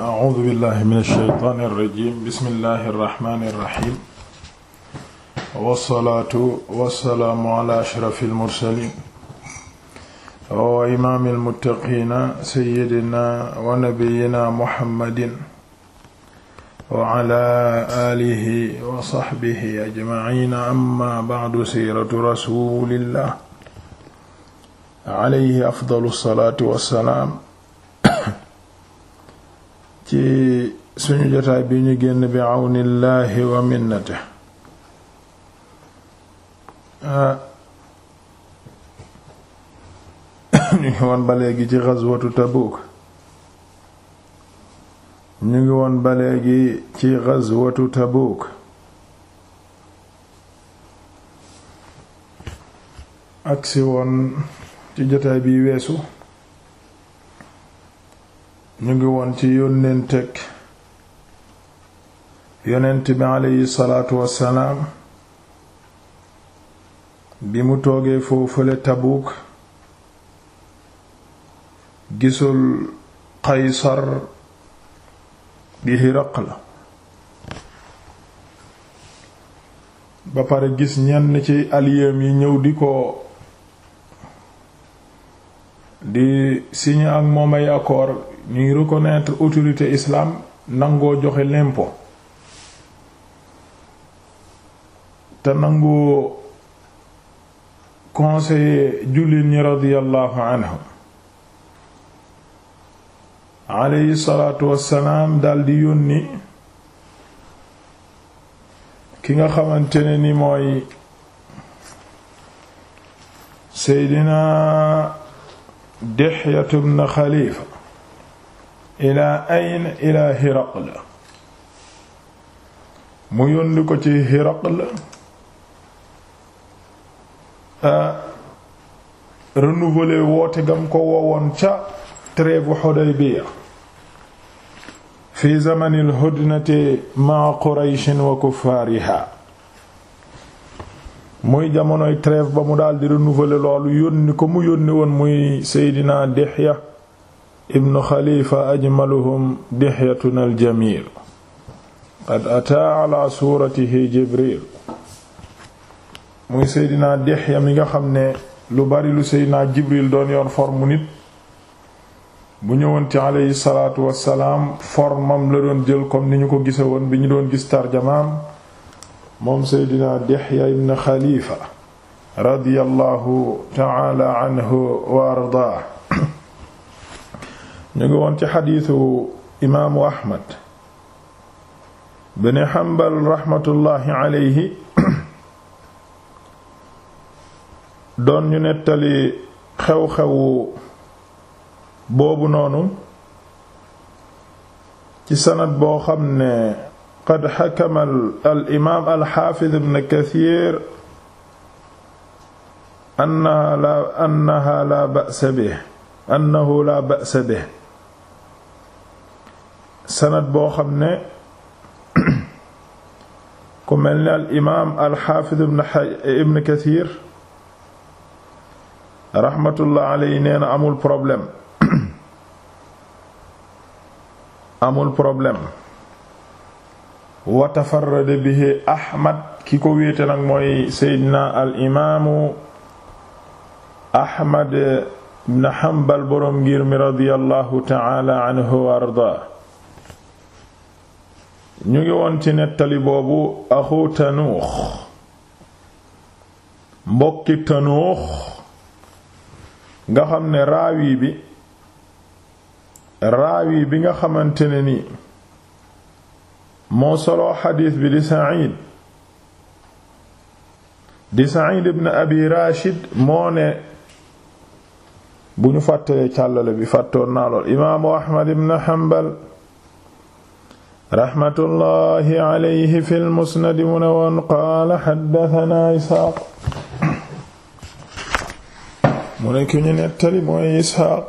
a'uuzu billahi mina shaytaani rajiim bismillahi rahmaani rahiim wassalaatu wassalaamu ala ashrafil mursaliin wa imaamil muttaqiina sayyidina wa nabiyyina muhammadin wa ala aalihi wa sahbihi ajma'iin amma ba'du siiratu rasuulillah alayhi afdalu salaatu wassalaam ci suñu jotaay bi ñu génn bi àwnillaahi wa minnate ah. ñu ngi woon ba léegi ci ghazwatu Tabuk ñu ngi woon ba léegi ci ghazwatu Tabuk agsi woon ci jotaay bi weesu ñu ngi woon ci yónnenteeg yonent bi aleyhi salaatu wassalaam bi mu toogee foofale Tabuuk gisul Qaysar di Hiraqla ba pare gis ñenn ci alliés yi ñëw di ko di signé ak moom ay accord ñuy reconnaître autorité islam nangoo joxe l'impôt te nangoo conseiller jullit ñi radiyallahu anhum alayhi wassalaam daldi yónni ki nga xamante ne ni mooy seydina Dihyatu bnu ilaa ayn ilaa Hiraql mu yónni ko ci Hiraql renouveler woote gam ko woowoon ca trêve Hudaybiya fi zamanil hudnati ma Qurayshin wa kuffaariha muy jamonoy trêve ba mu daldi renouveler loolu yónni ko mu yónni woon muy Seydina Dihya ibnu xalifa ajmaluhum dihyatuna aljamil qad ataa ala suuratihi jibril muy seydinaa Dihya mi nga xam ne lu bari lu seydinaa jibril doon yor formu nit bu ñëwoon ci aleyhi salaatu wassalaam formam la doon jël comme ni ñu ko gise woon bi ñu doon gis tarjamaam moom seydinaa Dihya ibn xalifa radiyallahu taala anhu wa ardaa ñu ngi woon ci xadiisu imaamu ahmad bin hanbal raxmatullaahi aleyhi doon ñu nettali xew-xewu boobu noonu ci sanad boo xam ne qad xakama al imaam al xaafid ibn kasiir annaha la annaha la sanad boo xam ne ku mel ni al imaam al xaafid ibn kathir raxmatullah alayhi nee amul problème amul problème wa ahmad ki mooy seydina al imaamu ahmad ibn hanbal boroom ngir mi radiyallahu ta'ala anhu wa ardaa ñu ngi woon ci nettali boobu axu tanuux mbokki tanuux nga xam ne raawi bi raawi bi nga xamante ni moo solo xadiis bi di Saïd di Saïd ibn Abi Rashid moo ne bu ñu fàttalee càllale bi fàttoon naa lool imaamu Ahmad ibn Hanbal raxmatullahi alayhi fi lmusnadi mu ne woon qaala xaddatanaa isxaaq mu ne ki ñu nettali mooy isxaaq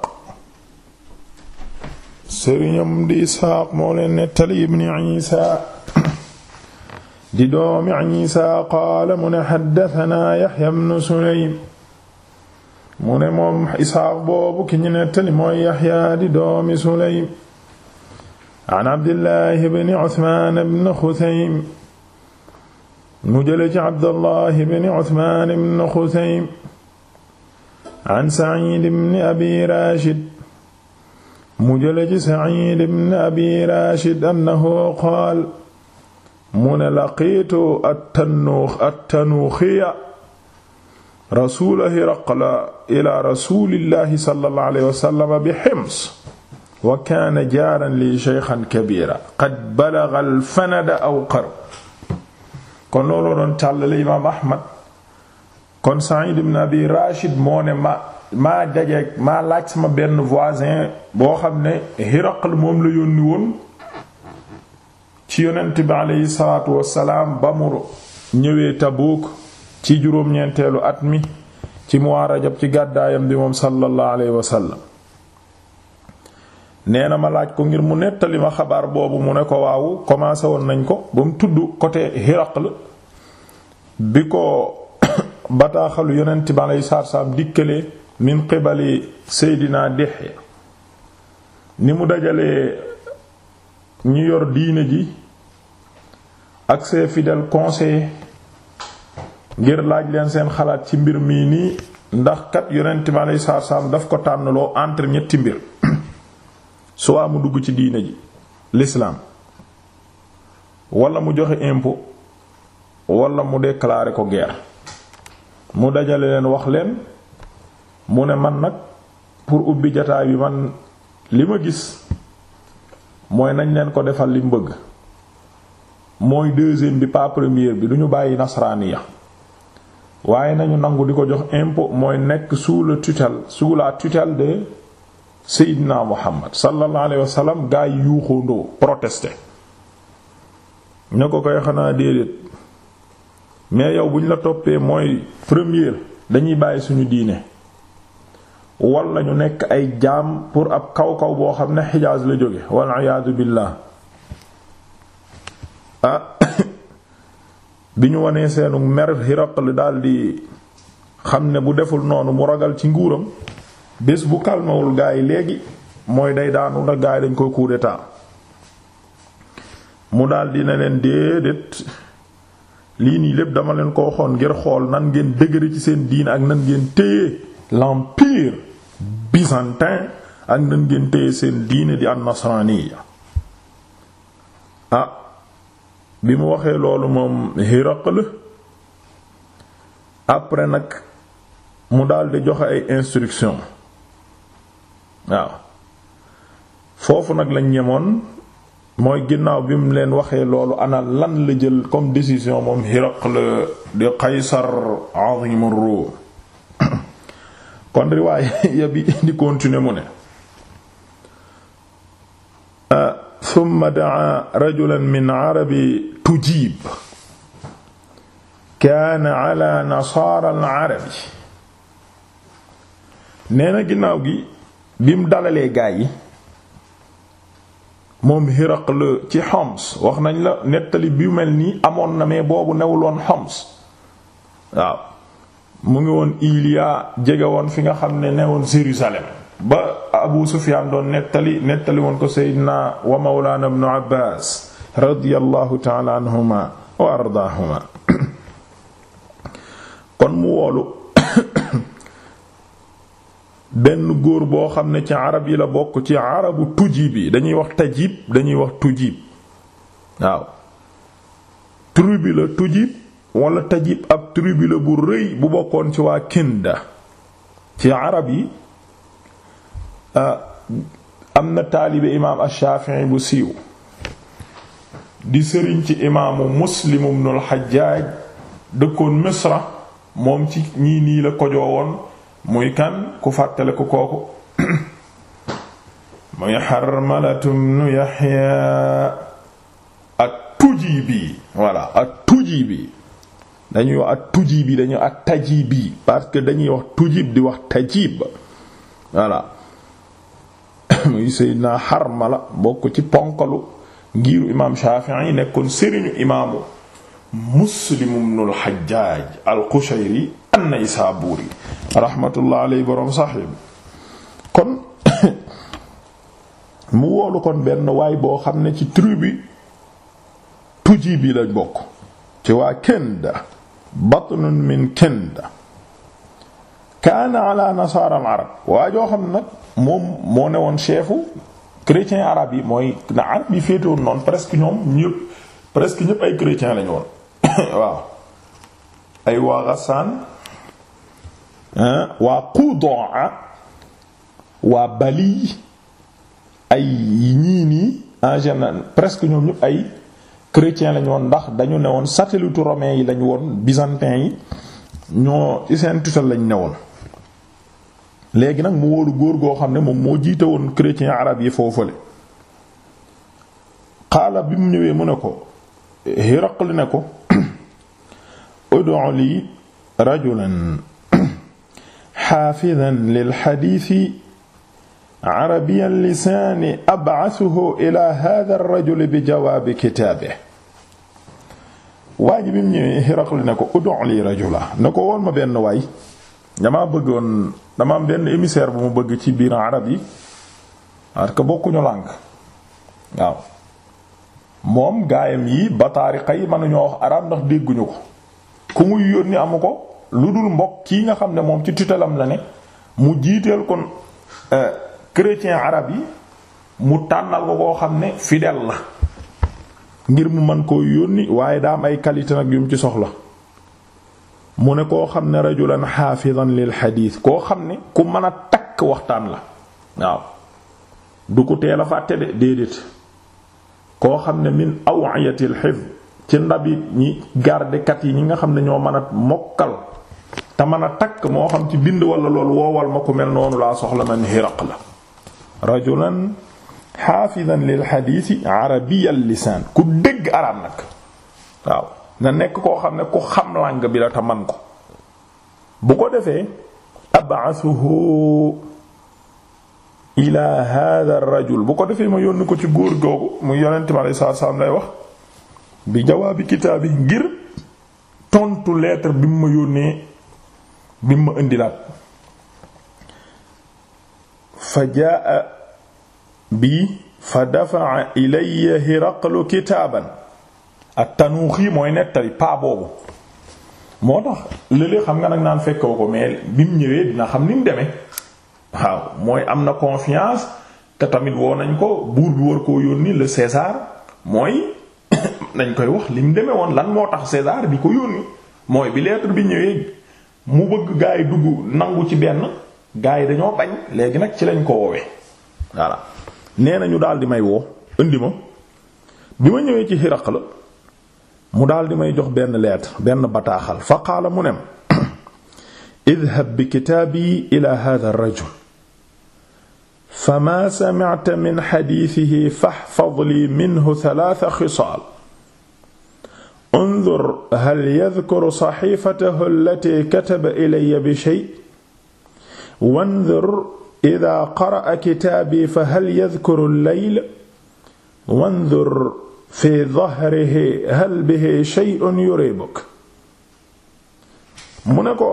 sëriñam di isxaaq moo leen nettali ibni isa di doomi isa qaala mu ne xaddatanaa yaxya bnu suleym mu ne moom isxaaq boobu ki ñu nettali mooy yaxya di doomi suleym an abdillahi bni usman bn xusaym mu jële ci abdallahi bni usman bn xusaym an sacid bni abi rachid mu jële ci sacid bni abi rachid annahu qaal mu ne laqiitu attanuu attanuuxiya rasula hiraqla ila rasulillahi sallallahu alayhi wa sallam bi hims wa kaana jaaran li shaykhan kabira qad balagha fanada aw qaru kon looloo doon càllale imaam ahmad kon Sa'id ibn Abi Rashid moo ne ma maa dajeeg maa laaj sama benn voisin boo xam ne Hiraql moom la yónni woon ci yonent bi aleyhi salaatu wassalaam ba mu ñëwee Tabuuk ci juróom-ñeenteelu at mi ci mois Rajab ci gàddaayam bi moom sallallahu alayhi wa nee na ma laaj ko ngir mu nettali ma xabaar boobu mu ne ko waawu commencé woon nañ ko ba mu tudd côté Hiraql bi ko bataaxalu yonent bi aleyhi salaatu salaam dikkalee min qibali Seydina Dihya ni mu dajalee ñu yor diine ji ak ses fidèles conseillers ngir laaj leen seen xalaat ci mbir mii nii ndax kat yonent bi aleyhi salaatu salaam daf ko tànnaloo entre ñetti mbir soit mu dugg ci diine ji l'islam walla mu joxe impo wala mu déclarer ko geer mu dajale leen wax leen mu ne man nag pour ubbi jataay bi man li ma gis mooy nañ leen ko defal li bëgg mooy deuxième bi pas première bi du ñu bàyyi nasraaniya waaye nañu nangu di ko jox impo mooy nekk sous le tutelle sous de Seydina Muhammad sallallahu alayhi wa sallam gaa yi yuuxundoo protester ko koy xanaa déedéet mais yow bu ñu la toppee mooy première dañuy bàyyi suñu diine wala ñu nekk ay jaam pour ab kaw kaw boo xam ne Hijaaz la jóge wal iyaadu billaah ah bi ñu wonee seenu mer Hiraql daldi xam ne bu deful noonu mu ragal ci nguuram bés bu kalmawul gaa yi léegi mooy day daanu ndax gaa yi koy coup d'état mu daal dina leen déedéet lii nii lépp dama leen ko waxoon ngir xool nan ngeen dëgëre ci seen diin ak nan ngeen téye l'empire byzantin ak nan ngeen téye seen diine di an-nasraniya ah bi mu waxee loolu moom Hiraql après nag mu daldi joxe ay instructions waaw foofu nag lañ ñemoon mooy ginnaaw bi mu leen waxee loolu ana lan la jël comme décision moom Hiraql di Qaysar azim ar-Rum kon riwaaya bi di continuer mu ne ah, thumma daa rajulan min arabi tujib kaana ala nasaara al-arabi nee ginnaaw gi bi mu dalalee gaa yi moom Hiraql ci Homs wax nañ la nettali bi mel nii amoon na mais boobu newuloon Homs waaw mu ngi woon Iliya jege woon fi nga xam ne newoon Jérusalem ba Abu Sufyan doon nettali nettali woon ko Seydina wa Mawlana ibn Abbas radiyallahu ta'ala anhuma wa ardaahuma kon mu woolu denn góor boo xam ne ci arab yi la bokk ci arabu tujib yi dañuy wax tajib dañuy wax tujib waaw tribu la tujib wala tajib ab tribu la bu rëy bu bokkoon ci waa Kinda ci arab yi am na taalibe imaam Ash-Shafi'i bu siiw di sëriñ ci imaamu Muslim ibnul Hajjaaj dëkkoon Misra moom ci ñii nii la kojoo woon muy kan ku fàttale ku kooku muy Harmalatum nu Yahya at-Tujibi voilà at-Tujibi dañuy wax at-Tujibi dañuy ak at-Tajibi parce que dañuy wax tujib di wax tajib voilà muy Seydina Harmala bokk ci ponkalu ngiiru imaam Shafi'i nekkoon sëriñu imaamu Muslim ibnul Hajjaj al-Qushayri an-Naysaburi rahmatullah alayhi borom Sahih kon mu woolu kon benn waay boo xam ne ci tribu tuji bi la bokk ci waa Kenda batnun min Kenda kaana ala nasaara arab waa joo xam nag moom moo ne woon chefu chrétien arab yi mooy na arab yi féetewoon noonu presque ñoom ñëpp presque ñëpp ay chrétien lañu woon waaw ay waa Ghassan waa Qudaa waa Bali ay ñii nii en presque ñoom ñëpp ay chrétiens lañu woon ndax dañu ne woon satellite romain yi lañu woon byzantin yi ñoo seen tutelle lañu ne woon. léegi nag mu wóolu góor goo xam ne moom moo jiite woon chrétien arab yi foofale xaala bi mu ñëwee mu ne ko Hiraql ne ko ud'u li rajulan xaafidan lil xadiisi arabiyan lisaani abcasuhu ila hada rajuli bi jawaabi kitaabe waa ji bi mu ñëwee Hiraqli ne ko ud'u li rajula ne ko woon ma benn waay damaa bëggoon dama am benn émissaire bu mu bëgg ci biir arab yi parce que bokkuñu lànk waaw moom gaayam yi ba taarixa yi mënuñoo wax arab ndax dégguñu ko ku muy yónni amu ko lu dul mbokk kii nga xam ne moom ci tutelam la ne mu jiiteel kon euh, chrétien arab yi mu tànnal ko koo xam ne fidèle la ngir mu mën koo yónni waaye daa ay qualité nag mu ci soxla mu ne koo xam ne rajulan xaafidan lil xadiis koo xam ne ku mën a takk waxtaan la waaw du ko teel a fàtte de déedéet koo xam ne min awiyatil xifd ci ndab yi ñi gardekat yi ñi nga xam ne ñoo mën a mokkal te mën a takk moo xam ci bind wala loolu woowal ma ku mel noonu laa soxla man hiraq la rajulan xaafidan lil xadiisi arabiyal lisaan ku dégg arab nag waaw na nekk koo xam ne ku xam langue bi la te man ko bu ko defee ab'athuhu ila hadha rajul bu ko defee ma yónni ko ci góor googu mu yonente mi alei lay wax bi jawaabi kitaabi ngir tontu lettre bi mu ma yónnee bi mu ma indilaat fa jaa bi fa dafa'a ilayya hiraqlu kitaaban at-tanuuxi mooy nettali paa boobu moo tax léeg xam nga nag naan fekkoo ko mais bi mu ñëwee dina xam ni mu demee waaw mooy am na confiance te tamit woo nañ ko buur bi war koo yónni le César mooy dañ koy wax li mu demee woon lan moo tax César bi ko yónni mooy bi lettre bi ñëwee mu bëgg gaa yi dugg nangu ci benn gaa yi dañoo bañ léegi nag ci lañ ko woowee voilà nee na ñu daal di may woo indi ma bi ma ñëwee ci Hiraqla mu daldi may jox benn lettre benn bataaxal fa qaala mu nem idhab bi kitaabi ila hadha ar-rajul fa ma sami'ta min hadithihi fahfaz li minhu thalatha khisaal unzur hal yadhkuru saxiifatahu allati kataba ilayya bi shay wanzur idaa qara'a kitaabi fa hal yadhkuru al-layl wanzur fi dhahrihi hal bihi shay'un yuribuk mu ne ko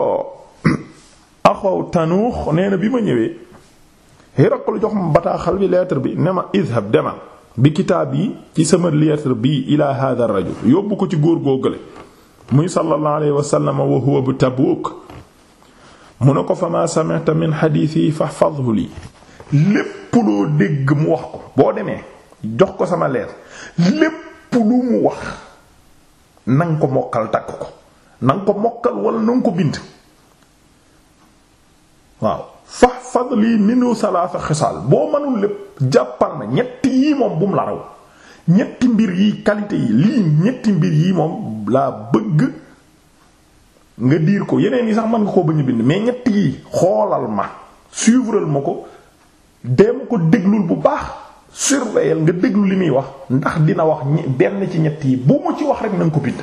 axaw tanuux nee na bi ma ñëwee Hiraql jox ma bataaxal bi lettre bi ne ma idhab demal bi kitaab yi ci sama lettre bi ila hadha rajul yóbbu ko ci góor góogale muy sallallahu alayhi wa huwa bu Tabuuk mu ne ko fa ma sami'ta min xadiis yi fahfadhu lii lépp loo dégg mu wax ko boo demee jox ko sama leer lépp lu mu wax nanga ko mokkal takk ko nanga ko mokkal wala nanga ko bind waaw fahfad lii minhu salaasa xisaal boo mënul lépp jàppal na ñetti yii moom bu mu la raw ñetti mbir yi qualité yi lii ñetti mbir yi moom laa bëgg nga diir ko yeneen yi sax mën nga koo bañ a bind mais ñetti yi xoolal ma suivral ma ko dem ko déglul bu baax surveiller nga déglu li muy wax ndax dina wax benn ci ñetti yi bu mu ci wax rek nañ ko bind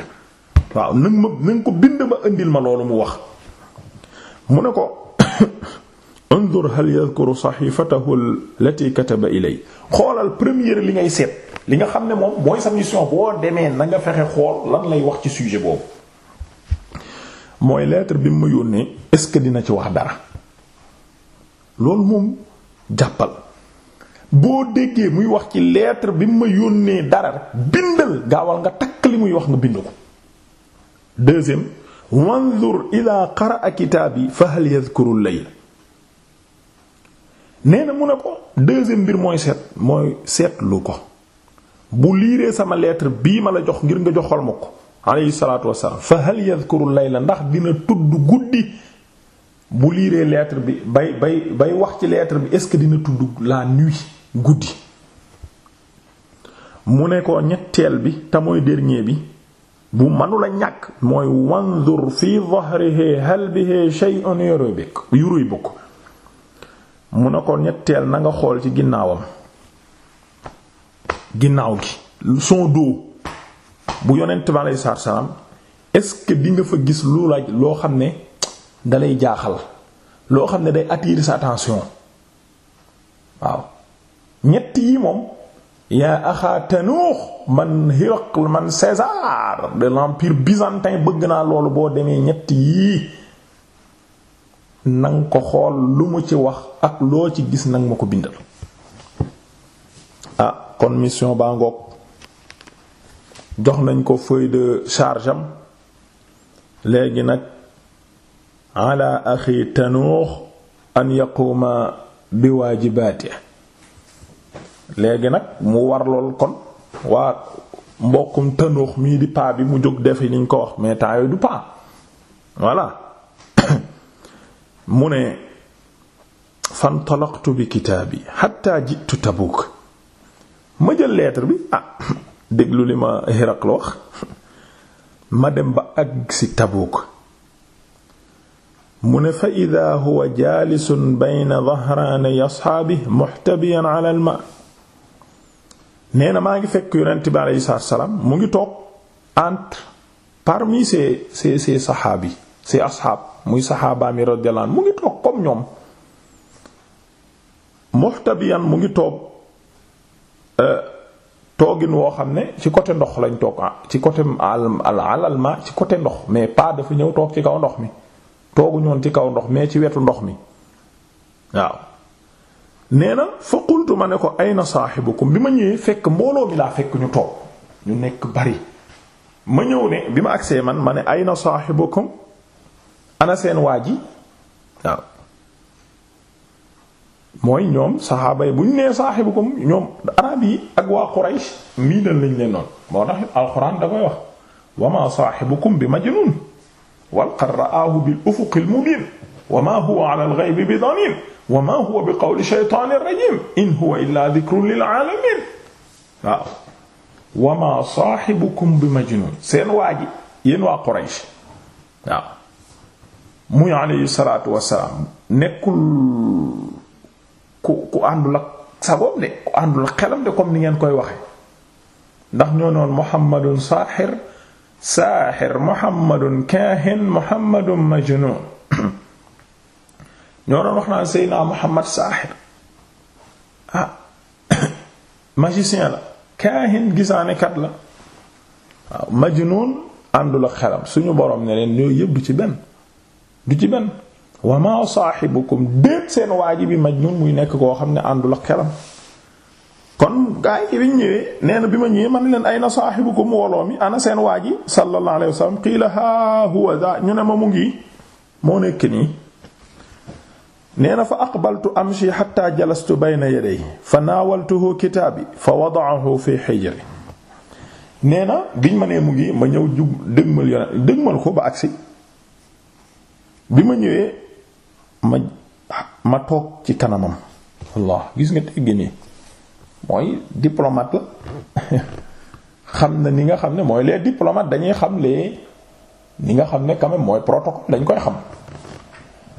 waaw na ma na ko bind ma indil ma loolu mu wax mu ne ko unzur hal yadhkuru sahifatahu allati kataba ilay xoolal première li ngay seet li nga xam ne moom mooy sa mission boo demee na nga fexe xool lan lay wax ci sujet boobu mooy lettre bi mu ma yónnee est-ce que dina ci wax dara loolu moom jàppal boo déggee muy wax ci lettre bi mu ma yónnee dara bindal gaawal nga takk li muy wax nga bind ko deuxième wanzur ila qara'a kitaabi fa hal yadhkuru al nee na mu ne ko deuxième mbir mooy seet mooy seetlu ko bu liiree sama lettre bii ma la jox ngir nga jox joxal ma ko alayhi salaatu wassalaam fa hal yadhkuru layla ndax dina tudd guddi bu liiree lettre bi bay bay bay wax ci lettre bi est-ce que dina tudd la nuit guddi mu ne ko ñetteel bi te mooy dernier bi bu manula ñàkk mooy wanzur fi dhahrihi hal bihi shay'un yuribuk yuribuk mu ne ko ñetteel nanga xool ci ginnaawam ginnaaw gi son dos bu yonent bi aleyhi salaatu salaam est fa gis lu laaj loo xam ne dalay jaaxal loo xam ne day attirer sa attention waaw ñett yi moom yaa axaa tanuux man Hiraql man César de l'empire byzantin bëgg naa loolu boo demee ñett yii nang ko xool lu mu ci wax ak loo ci gis nag ma ko bindal ah kon mission baa ngoog jox nañ ko feuille de charge am léegi nag ala axi tanuux an yaquuma bi waajibaati léegi nag mu war lool kon waa mbokkum tanuux mii di paa bi mu jóg defe liñ ko wax mais temps yooyu du paa voilà mu ne fantalaqtu bi kitaabi xatta jitu Tabuk ma jël lettre bi ah déglu li ma Hiraql wax ma dem ba àgg ci Tabuk mu ne fa ida huwa jaalisun bayna dahraani asxaabi ma nee na maa ngi fekk yonent bi mu ngi toog entre parmi ses ses ses saxaabi ses asxaab muy saxaabaam yi radiyallahu mu ngi toog comme ñoom muxtabiyan mu ngi toog euh, toogin woo xam ne ci côté ndox lañ toog ah, ci côté al alal ma ci côté ndox mais pas dafa ñëw toog ci kaw ndox mi toogu ñoon ci kaw ndox mais ci wetu ndox mi waaw nee na fa ma ne ko ayna saahibukum bi ma ñëwee fekk mbooloo mi laa fekk ñu toog ñu nekk bari ma ñëw ne bi ma agsee man ma ne ayna saahibukum ana seen waa ji waaw mooy ñoom saxaaba yi bu ñu nee saaxibukum ñoom araab yi ak waa Quraysh miinal nañ leen noonu moo tax alxuraan da koy wax wa ma saaxibukum bi majnuun wal qad ra'aahu bil ufuqil mubiin wa ma huwa ala al-ghaybi bi daniin wa ma huwa bi qawli shaytaanir rajiim in huwa illaa dhikrun lil aalamiin waaw wa ma saaxibukum bi majnuun seen waa ji yéen waa Quraysh waaw muy alayhi salaatu wassalaam nekkul ku ku àndul ak sagoom de ku àndul ak xelam de comme ni ngeen koy waxe ndax ñoo noon muhammadun saaxir saaxir muhammadun kaahin muhammadun majnun ñoo doon wax naan seydinaa muhammad saaxir ah magicien la kaahin kat la waaw majnun àndul ak xelam suñu borom ne leen ñooy yëpp du ci benn du ci benn wa ma saaxibukum déet seen waaji bi majnun muy nekk koo xam ne àndul ak xelam kon gaa yi bi ñëwee nee na bi ma ñëwee man leen ay na saaxibukum mbooloo mi ana seen waaji sallallahu alayhi wasallam qiila haa huwa daa ñu ne ma mu ngi moo nekk nii nee na fa aqbaltu amshi hatta jalastu bayna yaday fa naawaltuhu kitaabi fa wada'ahu fi hijri nee na biñ ma nee mu ngi ma ñëw jug dëgmal yonent dëgmal ko ba agsi bi ma ñëwee ma ma toog ci kanamam allah gis nga tegg nii mooy diplomat la xam na ni nga xam ne mooy les diplomates dañuy xam les ni nga xam ne quand mooy protocole dañ koy xam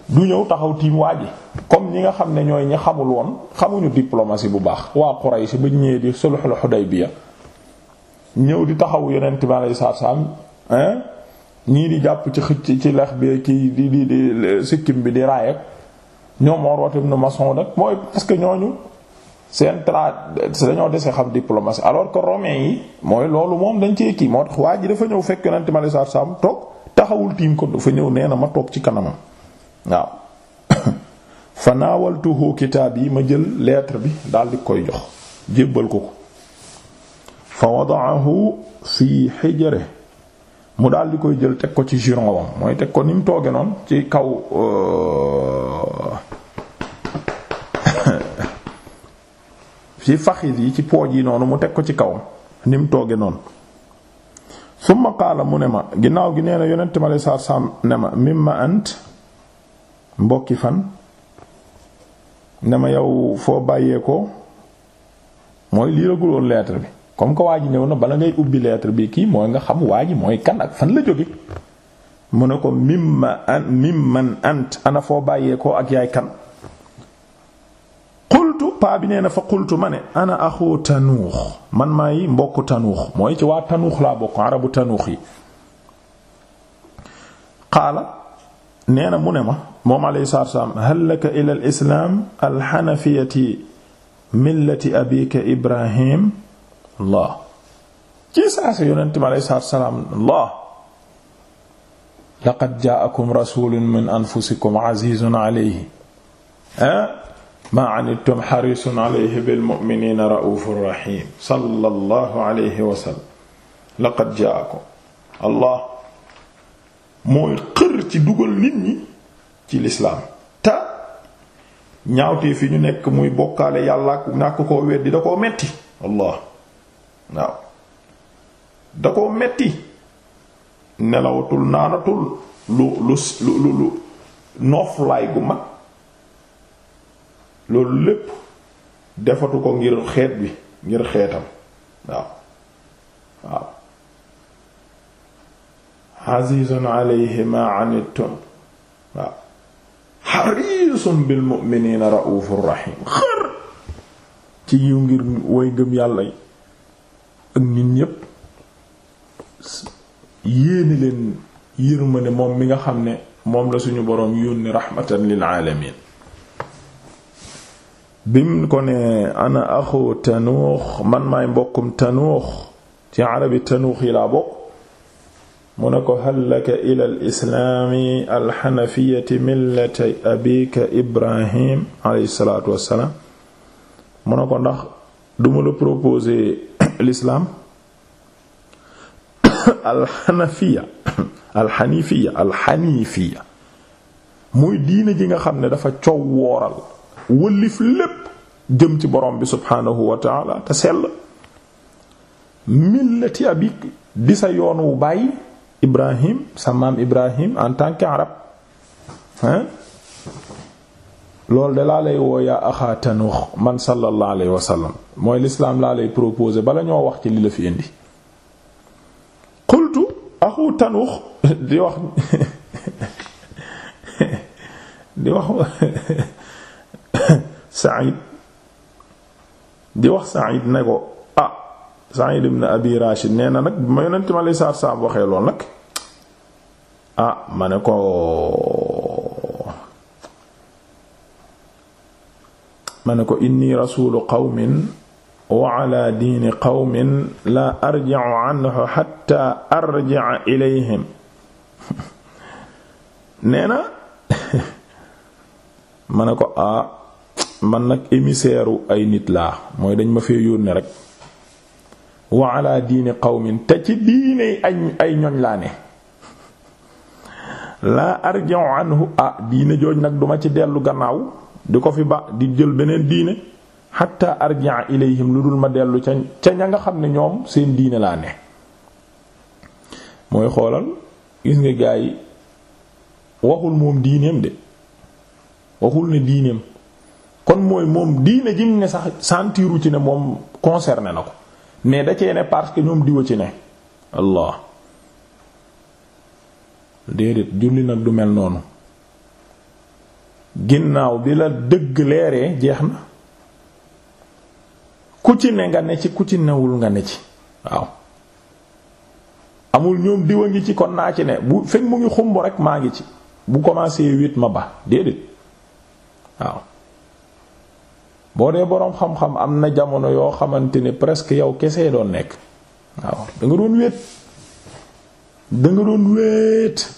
du ñëw taxaw tiim waa ji comme ñi nga xam ne ñooy ñi xamul woon xamuñu diplomatie bu baax waa Quraysh ba ñëwee di sulhul Hudaybiya ñëw di taxaw yonent bi alayhi am ñii di jàpp ci xëcc ci lex bi ki di di sikkim bi di raay ak ñoom Urwa ibn Mas'ud ak mooy parce que ñooñu seen tra dañoo dese xam diplomatie alors que romain yi mooy loolu moom dañ cee kii moo tax waa ji dafa ñëw fekk yonent ma saar saam toog taxawul tiim ko dafa ñëw nee na ma toog ci kanamam waaw fanaawaltuhu kitaab yi ma jël leetre bi daal di koy jox jébbal ko ko fa wada'ahu fi hijrihi mu daal di koy jël teg ko ci giron mooy teg ko ni mu tooge noonu ci kaw euh, ci faxis yi ci pooj yi noonu mu teg ko ci kawam ni mu tooge noonu summa qaala mu ne ma ginnaaw gi nee na yonent ma lay saar saam ne ma mimma ant mbokki fan ne ma yow foo bàyyee ko mooy lii leetre bi comme que waa ji ñëw na bala ngay ubbi lettre bi kii mooy nga xam waa ji mooy kan ak fan la jóge mu ne ko mimma an mimman ant ana foo bàyyee ak yaay kan qultu paa bi nee na fa qultu ma ne ana axu tanuux man maay mbokku tanuux mooy ci waa tanuux laa bokk arabu tanuux yi qaala nee na mu ne ma moom alayhi salaatu salaam hal laka ila al alxanafiyati millati abika ibrahim allah ci saa si yonent mi aleyhi salaatu salaam allah laqad jaakum rasulun min anfusikum azizun alayhi eh? ma anittum harisun alayhi bil mu'minina raufur rahim sallallahu alayhi wa sallam laqad jaakum allah mooy xër ci dugal nit ñi ci lislaam te ñaawtee fi ñu nekk muy bokkaale yàlla ak ñàkk koo weddi da koo metti allah waaw da koo metti nelawatul naanatul lu lu lu lu nooflaay gu mag loolu lépp defatu ko ngir xeet bi ngir xeetam waaw waaw azizun alayhi ma anittum waaw xarisun bil mu'minina raufur rahim ci yiw ngir way ngëm yàlla ak ñun ñépp yéene leen yërmande moom mi nga xam ne moom la suñu boroom yónni rahmatan lil alamin bim ko ne ana axu tanuux man maay mbokkum tanuux ci arabi tanuux yi bokk mu ko hal laka ila al islaami alxanafiyati millati ibrahim alayhi salaatu wassalaam mu ko ndax duma la proposer lislaam alxanafiya alxanifiya alxanifiya muy diine ji nga xam ne dafa coow wooral wëllif lépp jëm ci borom bi subhaanahu wa taala te sell millati abik di sa yoon wu bàyyi ibrahim sa maam ibrahim en tant qu'arabe hein loolu de laa lay woo yaa axaa tanux man sallallahu alayhi mooy lislaam laa lay proposé bala ñoo wax ci li la fi indi qultu axu tanux di wax di wax Saïd di wax Saïd ne ko ah Saïd ibn Abi Rashid nee na nag ma yonent ma lay saar saam waxee lool nag ah ma ne ko ma ne ko inni rasulu qawmin wa ala diini qawmin la arji'u anhu hatta arji'a ilayhim nee na ma ne ko a ah, man nag émissaire ay nit laa mooy dañ ma fee yónne rek wa ala diini qawmin te ci diine ay ay ñoñ laa ne la arji'u anhu ah diine jooj nag duma ci dellu gannaaw di ko fi ba di jël beneen diine hatta arji'a ilayhim lu dul ma dellu ca ca ña nga xam ne ñoom seen diine laa ne mooy xoolal gis nga gaa yi waxul moom diineem de waxul ne diineem kon mooy moom diine ji mu ne sax sentiru ci ne moom concerné na ko mais da cee parce que ñoom diwa ci ne Allah déedéet julli nag du mel noonu ginnaaw bi la dëgg leeree jeex na ku ci ne nga ne ci ku ci newul nga ne ci waaw amul ñoom diwa ngi ci kon naa ci ne bu fekk mu ngi xumb rek maa ngi ci bu commencé wit ma ba déedéet waaw boo dee boroom xam-xam am na jamono yoo xamante ne presque yow kese doon nekk waaw danga doon wéet danga doon wéet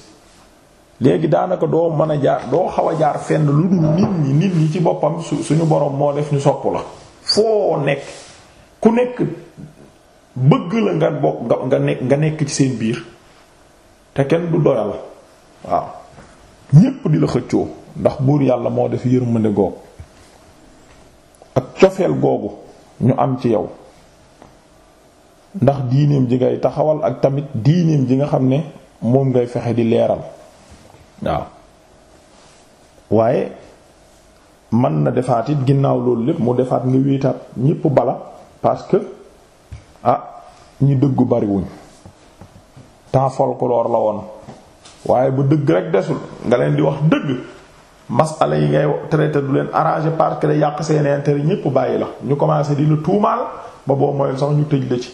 léegi daanaka doo mën a jaar doo xaw a jaar fenn lu dul nit ñi nit ñi ci boppam su suñu borom moo def ñu sopp la foo nekk ku nekk bëgg la nga bokk nekk nga nekk ci seen biir te kenn du doyal waaw ñépp di la xëccoo ndax buur yàlla moo def yërmande googu ak cofeel googu ñu am ci yow ndax diineem ji ngay taxawal ak tamit diineem ji nga xam ne moom ngay fexe di leeral waaw waaye man na defaat it ginnaaw loolu lépp mu defaat nga wéetaat ñépp bala parce que ah ñi dëggu bariwuñ temps folklore la woon waaye bu dëgg rek desul nga leen di wax dëgg masala yi ngay traité du leen arrangé parce que da yàq seen intérêt ñépp bàyyi la ñu commencé di la tuumaal ba boo mooy sox ñu tëj la ci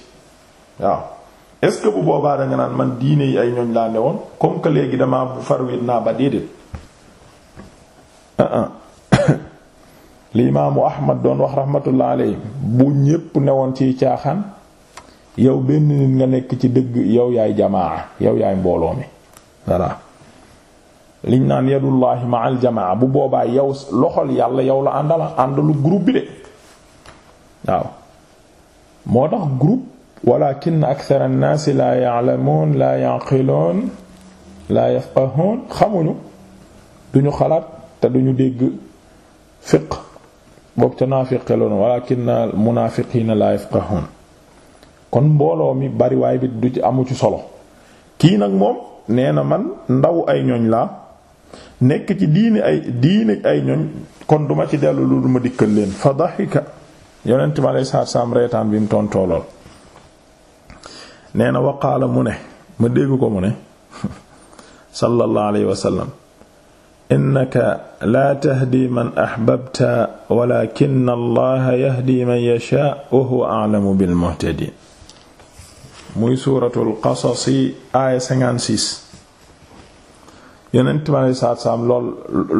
waaw est-ce que bu boobaa da naan man diine yi ay ñoñ laa ne woon comme que léegi damaa bu farwit naa ba déedéet li imaamu ahmad doon wax rahmatullah alayhi bu ñépp newoon ci caaxaan yow benn nit nga nekk ci dëgg yow yaay jamaa yow yaay mbooloo mi voilà liñ naan yadullahi ma al jamaa bu boobaa yow loxol yàlla yow la àndala àndalu groupe bi de waaw moo tax groupe walakin akthara an-naasi laa ya'lamuun laa ya'qiluun laa yafqahuun xamuñu duñu xalaat te duñu dégg fiq boobu te naafiqe loonu walakin al-munaafiqiina laa yafqahuun kon mbooloo mi bariwaay bi du ci amu ci solo kii nag moom nee na man ndaw ay ñoñ laa nekk ci diini ay diini ay ñoñ kon duma ci dellu lu duma dikkal leen fa daxika yonent mi alayhi salaam reetaan bi mu tontoolool nee na waqaala mu ne ma dégg ko mu ne sallallahu alayhi wa sallam innaka laa tahdi man ahbabta walakin allaha yahdi man yashaa wa huwa a'lamu bil muhtadin muy suuratul qasas aaya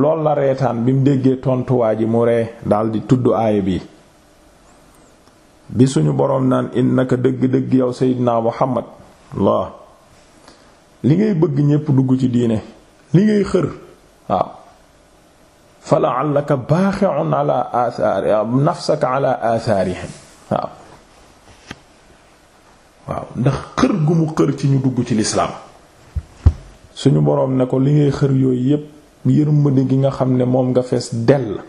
lool la reetaan bi mu déggee tontuwaa ji mu ree daldi tudd aaya bi bi suñu boroom naan innaka dëgg-dëgg yow seydinaa muhammad laa li ngay bëgg ñépp dugg ci diine li ngay xër waaw fa la'allaka baaxi'un ala athari nafsaka ala atharihim waaw waaw ndax xër gu mu xër ci ñu dugg ci lislaam suñu boroom ne ko li ngay xër yooyu yépp yërmande gi nga xam ne moom nga fees dell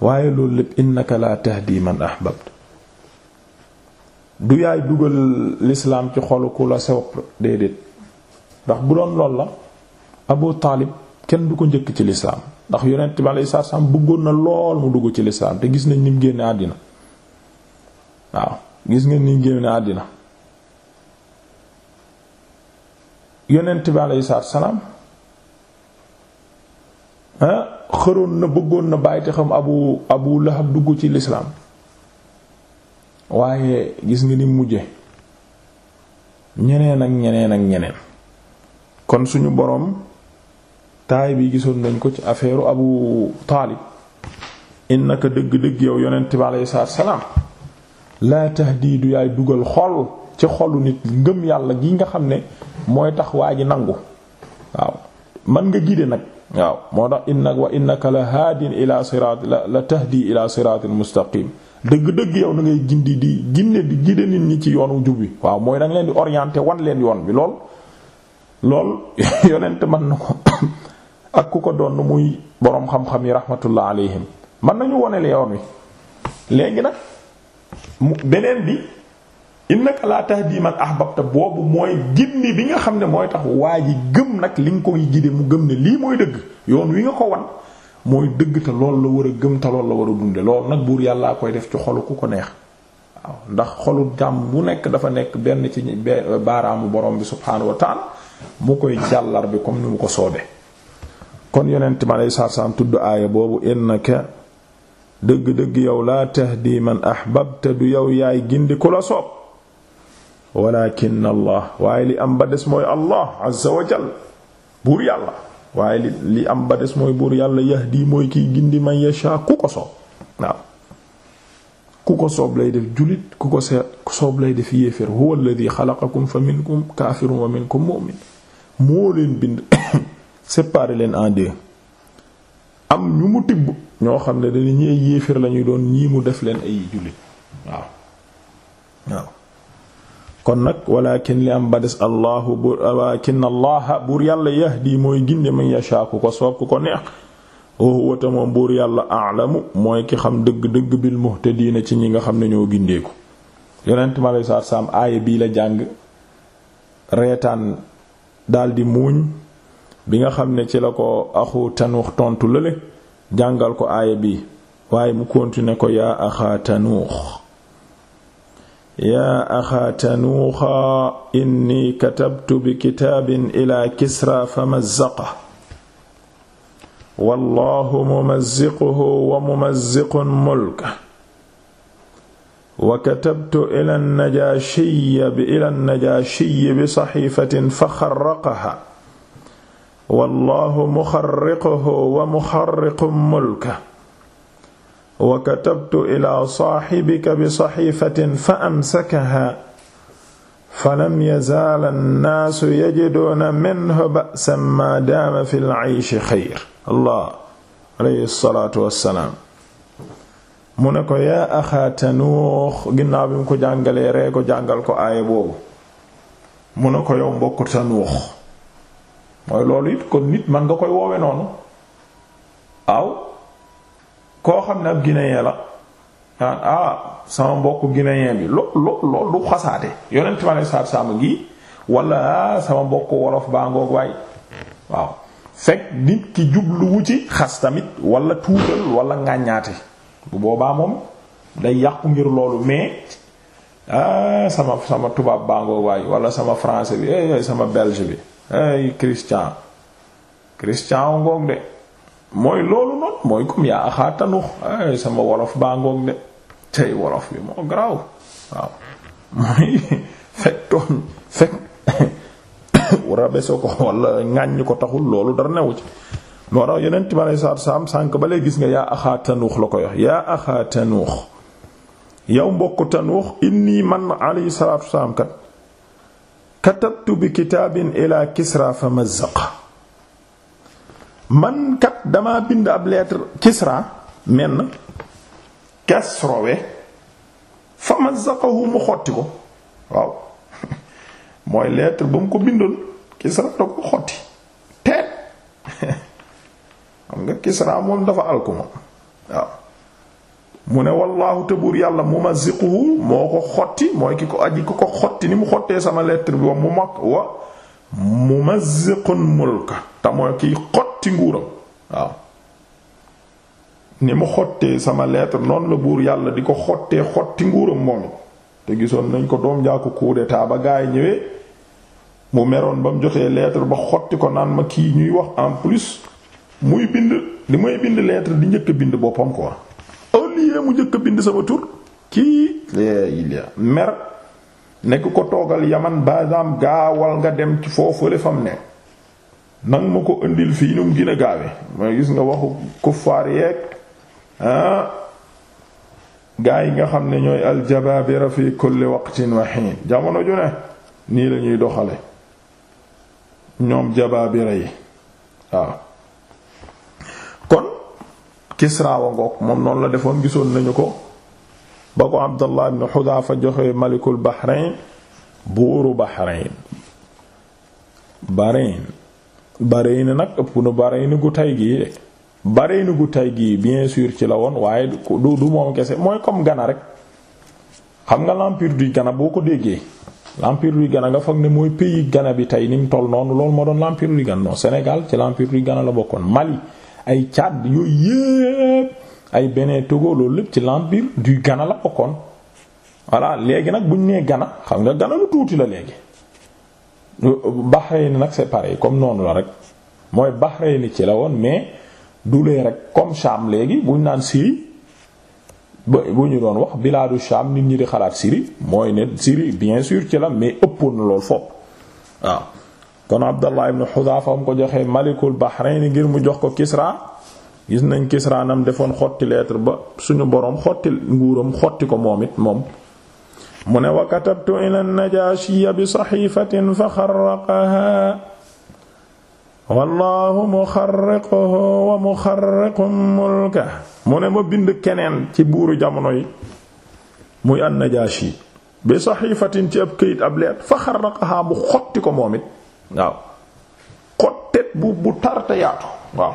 waaye loolu lépp innaka la tahdi man ahbabta du yaay dugal l'islam ci xolu ku la sew déedéet ndax bu doon lool la Abu Taalib kenn du ko njëkk ci lislaam ndax yonent bi alayhi salaam bëggoon na lool mu dugg ci lislaam te gis nañ ni mu génne àddina waaw ni mu àddina yonent bi alayhi salaam ah, xëroon na bëggoon na bàyyi te xam Abu Abu Lahab dugg ci lislaam waaye gis nga ni mujje ñeneen ak ñeneen ak ñeneen kon suñu boroom taay bi gisoon nañ ko ci affaire Abu Taalib innaka dëgg-dëgg yow yonent bi alayhi salaam laa tahdi du yaay dugal xol ci xolu nit ngëm yàlla gi nga xam ne mooy tax waa ji nangu waaw man nga gide nag waaw moo tax innak wa innaka la haadin ila siraat la tahdi ila siraatin mustaqim dëgg-dëgg yow da ngay gindi di ginde di gide nit ñi ci yoonu jub bi waaw mooy da nga leen di orienter wan leen yoon bi lool lool yonent man na ko ak ku ko doon muy boroom xam-xam yi rahmatullah alayhim man nañu wone la yoon wi léegi nag beneen bi innaka la tahdi man ahbabta boobu mooy gindi bi nga xam ne mooy tax waa ji gëm nag li nga koy gide mu gëm ne lii mooy dëgg yoon wi nga ko wan mooy dëgg te lool la war a gëm te loolu la war a dunde loolu nag buur yàllaa koy def ci xolu ku ko neex waaw ndax xolu jàmm bu nekk dafa nekk benn ci baaraamu borom bi subhaanahu wa taala mu koy jàllar bi comme ni mu ko soobee kon yonent ma lay saar-saam tudd aaya boobu innaka dëgg-dëgg yow laa tahdi man ahbabta du yow yaay gindi ku la soob walakin allah waaye li am ba des mooy allah azza buur yàlla waaye li li am ba des mooy buur yàlla yahdi mooy kiy gindi man yasha ku ko soob waaw ku ko soob lay def jullit ku ko soob lay def yéeféer huwa alladhi xalaqakum fa minkum kaafirun wa minkum mu'min moo leen bind séparer leen en deux am ñu mu tibb ñoo xam ne dañuy yéeféer lañuy doon ñii mu def leen ay jullit waaw waaw kon nag walakin li am ba des allahu bu walakin allaha buur yàlla yahdi mooy ginde man yashaa ku ko soob ku ko neex wa huwa buur yàlla aalamu mooy ki xam dëgg-dëgg bil muhtadiina ci ñi nga xam ne ñoo gindeeku yonent ma lay saar saam aaya bii la jàng reetaan daldi muuñ bi nga xam ne ci la ko axu tanuux tontu lële jàngal ko aaya bi waaye mu continuer ko yaa axaa tanuux yaa axaa tanuuxa inni katabtu bi kitaabin ilaa kisra fa mazzaqa wallahu mumazziquhu wa mumazziqun mulka wa katabtu ila najaashiya bi ila najaashiyi bi saxiifatin fa xarraqaha wallahu muxarriquhu wa muxarriqun mulka wa katabtu ilaa saaxibika bi saxiifatin fa amsakahaa falam yazaal annaasu yajiduuna minhu ba'san maa daama fil ayshi xayr allah alayhi salaatu wassalaam mu ne ko yaa axaa tanuux ginnaaw bi mu ko jàngalee ree ko jàngal ko aaya boobu mu ne ko yow mbokk tanuux mooy loolu it kon nit man nga koy woowe noonu waaw koo xam ne ab guinéen la ah ah sama mbokk guinéen bi lo loolu du xasaate yonent ma lay saat sama ngi wala ah, sama mbokk wolof baa ngoog waay waaw fekk nit ki jubluwu ci xas tamit wala tuutal wala ngàññaate bu boobaa moom day yàqu ngir loolu mais ah sama sama tubaab baa ngoog waay wala sama français bi eh, eh sama belge bi eh christian christian ngoog de. mooy loolu noonu mooy comme yaa axaatanu ay eh, sama wolof baa ngoog de tey wolof bi moo garaaw waaw mooy fekk tooñ fekk rabese ko wala ŋàññ ko taxul loolu dara newu ci moo tax yeneen timalay saat saam sànk ba lay gis nga yaa axaa tanuux la koy yox yaa axaa tanuux yow mbokk tanuux inni man alayhi salaatu wasalaam kat katabtu bi kitaabin ila kisra fa mazzaqa man kat damaa bind ab lettre Kisra menn Kasrowe fa mazzaqahu mu xotti ko waaw mooy lettre ba mu ko bindoon Kisra da ko xotti teet xam nga Kisra moom dafa alku moom waaw mu ne wallaahu te buur yàlla mumazziquhu moo ko xotti mooy ki ko aji ki ko xotti ni mu xottee sama lettre bi wa mu mag wa mumazziqun mulka te mooy kiy xotti nguuram waaw ni mu xottee sama lettre noonu la buur yàlla di ko xottee xotti nguuram moom te gisoon nañ ko doom jaa ko coup d'état ba gaay ñëwee mu meroon ba mu jotee lettre ba xotti ko naan ma kii ñuy wax en plus muy bind li may bind lettre di njëkk bind boppam quoi au lieu mu njëkk bind sama tur kii. il mer. nekk ko toogal yaman basam gaawal nga dem ci foofale fam ne nag ma ko indil fii num gën a gaawe mooy gis nga waxu kuffaar yeeg ah, gaa yi nga xam ne ñooy aljababira fi kulli waqtin wa hin jamono ju ne nii lañuy doxale ñoom jababira yi waaw kon Kisra wa ngoog moom noonu la defoon gisoon nañu ko ba ko Abdallah ibn Hudhafa joxe malikul Bahrain buuru Bahrain Bahrain Bahrain nag ëpp na Bahrain gu tay gii de Bahrain gu tey gii bien sûr ci la woon waaye du du moom kese mooy comme Ghana rek xam nga l'empire du gana boo ko déggee l'empire du Ghana nga foog ne mooy pays gana bi tey ni mu toll noonu loolu moo doon l'empire du Ghana non Sénégal ci l'empire du Ghana la bokkoon Mali ay Tchad yooyu yépp ay Bénin Togo loolu lépp ci l'empire du gana la bokkoon voilà léegi nag bu ñu nee Ghana xam nga Ghana lu tuuti la léegi. Bahreïn nag c'est yi comme noonu la rek mooy Bahreïn ci la woon mais du rek comme Cham léegi bu ñu naan Syrie ba bu ñu doon wax bilaadu Cham nit ñi di xalaat Syrie mooy ne Syrie bien sûr ci la mais ëppoon na lool foofu waaw. kon Abdallah ibn Hudhafa am ko joxee Malikul Bahreïn ngir mu jox ko Kisra. gis nañ kisraanam defoon xotti lettre ba suñu boroom xotti nguuram xotti ko moom it moom mu ne wa katabtu ila najaashiya bi saxiifatin fa xarraqaha wallahu muxarriquhu mu keneen ci buuru jamono yi mu xotti ko moom it waaw xottet bu bu tarta yaatu waaw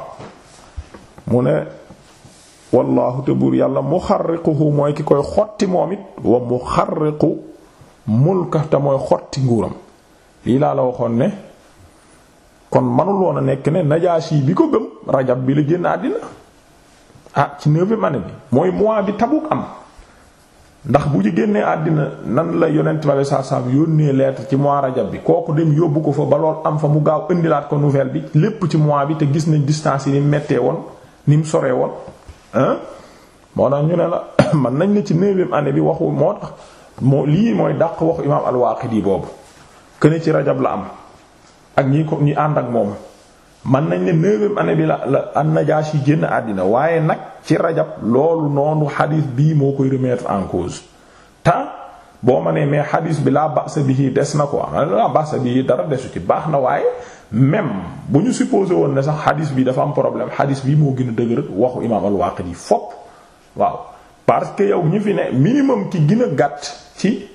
mu ne wallahu te buur yàlla muxarriquhu mooy ki koy xotti moom it wa muxarriqu mulka te mooy xotti nguuram lii laa la waxoon ne kon manuloon a nekk ne najaasi bi ko gëm rajab bi la génn àddina ah ci neuvième année bi mooy mois bi Tabuk am ndax bu ci génnee àddina nan la yonent bi saa saa yónnee lettre ci mois rajab bi kooku dem yóbbu ko fa ba lool am fa mu gaaw indilaat ko nouvelle bi lépp ci mois bi te gis nañ distance yi ni mettee woon ni mu soree woon moo tax ñu ne la man nañ la ci neuvième année bi waxu moo tax moo lii mooy dàq waxu imaam al yi boobu këne ci rajab la am ak ñi ko ñi ànd ak moom man nañ ne neuvième année bi la la an yi génn àddina waaye nag ci rajab loolu noonu xadiis bii moo koy remettre en cause temps boo ma nee mais xadiis bi laa ba'sa bihi des na ko quoi laa ba'sa bihi dara desu ci baax na waaye même bu ñu supposé woon ne sax xadis bi dafa am problème xadis bi moo gin a dëgër waxu imaam al yi fopp waaw parce que yow ñu fi ne minimum ki gën a gàtt ci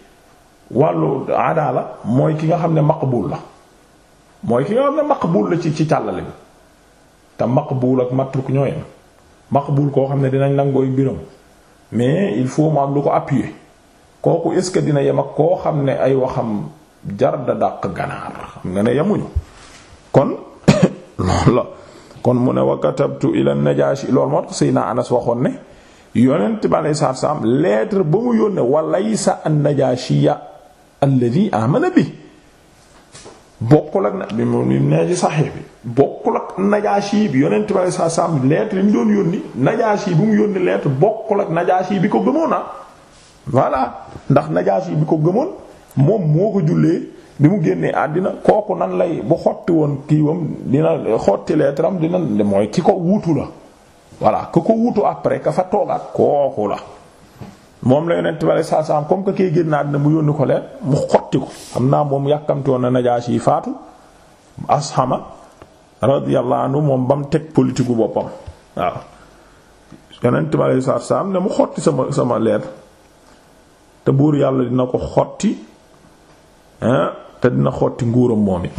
wàllu aada la mooy ki nga xam ne maqbul la mooy ki nga xam ne maqbul la ci ci càllale bi te maqbul ak matruk ñoo yem maqbul koo xam ne dinañ nangooy biram mais il faut mu am lu ko appuyer kooku est-ce que dina yem ak koo xam ne ay waxam jar da dàq ganaar xam nga ne yemuñu kon loolu la kon mu ne wa katabtu ila najashi loolu moo tax Seydina Anas waxoon ne yonent bi alei saatu salaam ba mu yónne walaysa an najashiya alladhi amana bi bokkul ak na bi mu nee ci saxix bi bokkul ak najashi bi yonent bi alei saatu salaam yi mu doon yónni najashi bi mu yónni lettre bokkul ak najashi bi ko gëmoon na ah. voilà ndax najashi bi ko gëmoon moom moo ko jullee bi mu génnee àddina kooku nan lay bu xotti woon kiiwam dina xotti leetaram dina mooy ki ko wutu la voilà ku ko wutu après ka fa toogaat kooku la moom la yonent bale saasaam comme que kay génn àddina mu yónni ko leet mu xotti ko xam moom yàkkamti woon na Najaashi yi faatu ashama radiyallahu anhu moom ba mu teg politique boppam waaw ne mu xotti sama sama leet te buur yàlla dina ko xotti hein te dina xotti nguuram moom it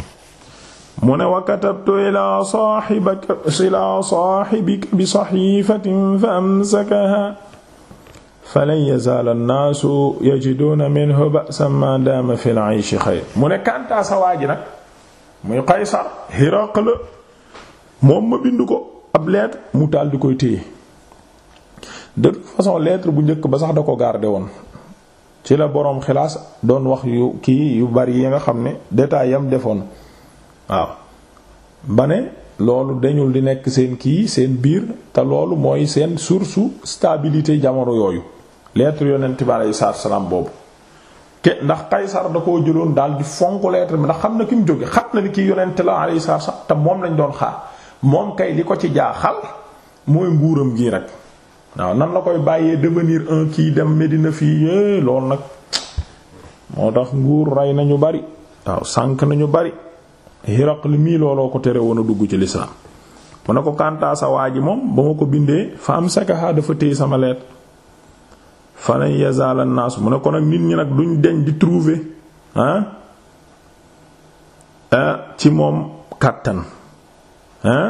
mu ne wa katabtu ilaa saahibika ilaa saahibika bi sahiifatin fa amsakahaa falan yazaala nnaasu yajiduuna minhu ba'san maa daama fil 'ayshi xayr mu ne kantaa sa waa nag muy Qaysar Hiraqla moom ma bind ko ab lettre mu taal di koy téye de façon lettre bu njëkk ba sax da ko garder woon ci la boroom xilaas doon wax yu kii yu bari yi nga xam ne détail yam defoon waaw ba ne loolu dañul di nekk seen kii seen biir te loolu mooy seen source stabilité jamono yooyu lettre yonent bi aleyhi salaatu salaam boobu ke ndax Qaysar da koo jëloon daal di fonk lettre bi ndax xam na ki mu jóge xam na ni kii yonent la aleyhi salaatu te moom lañ doon xaar moom kay li ko ci jaaxal mooy nguuram gii rek waaw nan la koy bàyyee devenir un kii dem Medina fii loolu nag moo tax nguur rey ñu bari waaw sànk nañu bari Hiraql mii looloo ko tere woon a dugg ci lislaam mu ne ko kàntaa sa waa ji moom ba ma ko bindee fa am sakaxaa dafa téye sama leet fa lan yazal an mu ne ko nag nit ñi nag duñ deñ di trouver ci moom kàttan ah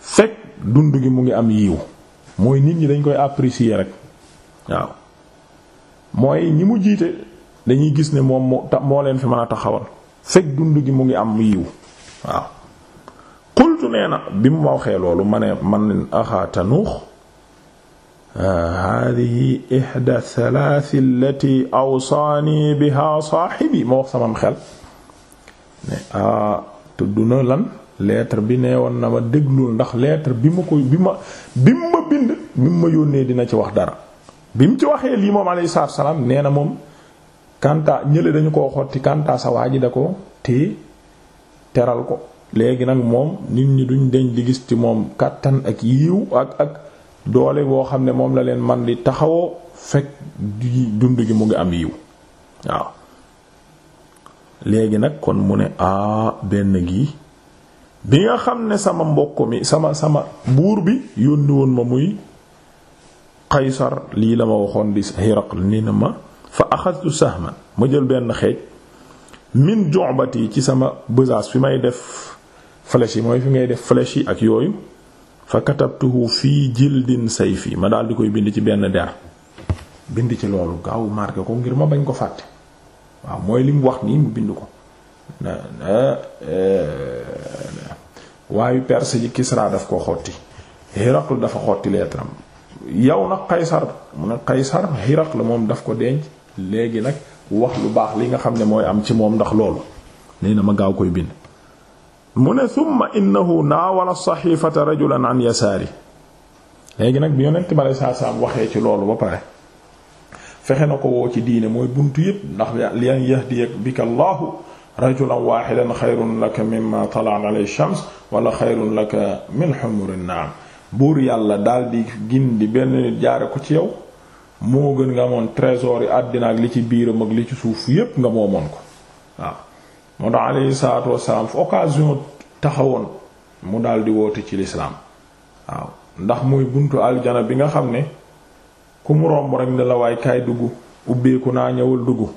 fekk dund gi mu ngi am yiw mooy nit ñi dañ koy apprécier rek waaw mooy ñi mu jiite dañuy gis ne moom moo moo leen fi mën a taxawal fekk dund gi mu ngi am yiw waaw qultu nee na bi mu ma waxee man leen axaa tanuux hadihi ihda thalath allati awsaani biha saahibi ma wax samam xel ne tudd na lan lettre bi nee woon na ma déglul ndax lettre bi mu ko bi ma bi ma bind bi ma yónnee dina ci wax dara bi mu ci waxee lii moom alayhi salaatu salaam nee na moom kanta ñële dañu ko xotti kanta sa waa ji da ko te teral ko léegi nag moom nit ñi duñ deñ di gis ci moom kàttan ak yiw ak ak doole boo xam ne moom la leen man di taxawoo fekk dund gi mu ngi am yiw waaw léegi nag kon mu ne a ah, benn gi bi nga xam ne sama mbokk mi sama sama buur bi yónni woon ma muy Qaysar lii la ma waxoon di Hiraql nii na ma fa axadtu sahman ma jël benn xeej min ju'bati ci sama besace fi may def flèche yi mooy fi ngay def flèche yi ak yooyu fa katabtuhu fii jildin fii ma daal di koy bind ci benn der bind ci loolu gaaw marqué ko ngir ma bañ ko fàtte waaw mooy li mu wax nii mu bind ko Eh, waayu perse ji Kisra daf ko xotti Hiraql dafa xotti leetaram yow nag kaysar mu ne Qaysar la moom daf ko denc léegi nag wax lu baax li nga xam ne mooy am ci moom ndax loolu nee na ma gaaw koy bind mu ne thumma innahu naawala saxiifata rajulan an yasaari léegi nag bi yonent ma lay saa saam waxee ci loolu ba pare fexe na ko woo ci diine mooy bunt yépp ndax li an yahdiyaka bika Allahu rajulan waahidan xayrun laka mimma tala'at alayhi shams wala xayrun laka min humurin na'am buur yàlla daal di gindi benn nit jaare ko ci yow moo gën nga amoon trésor yi àddina ak li ci biiram ak li ci suuf yépp nga moomoon ko waaw moo tax alayhi salaatu wassalaam fu occasion taxawoon mu daal di woote ci lislaam waaw ndax muy buntu aljana bi nga xam ne ku mu romb rekk ne la waay kaay dugg ubbeeku naa ñëwal dugg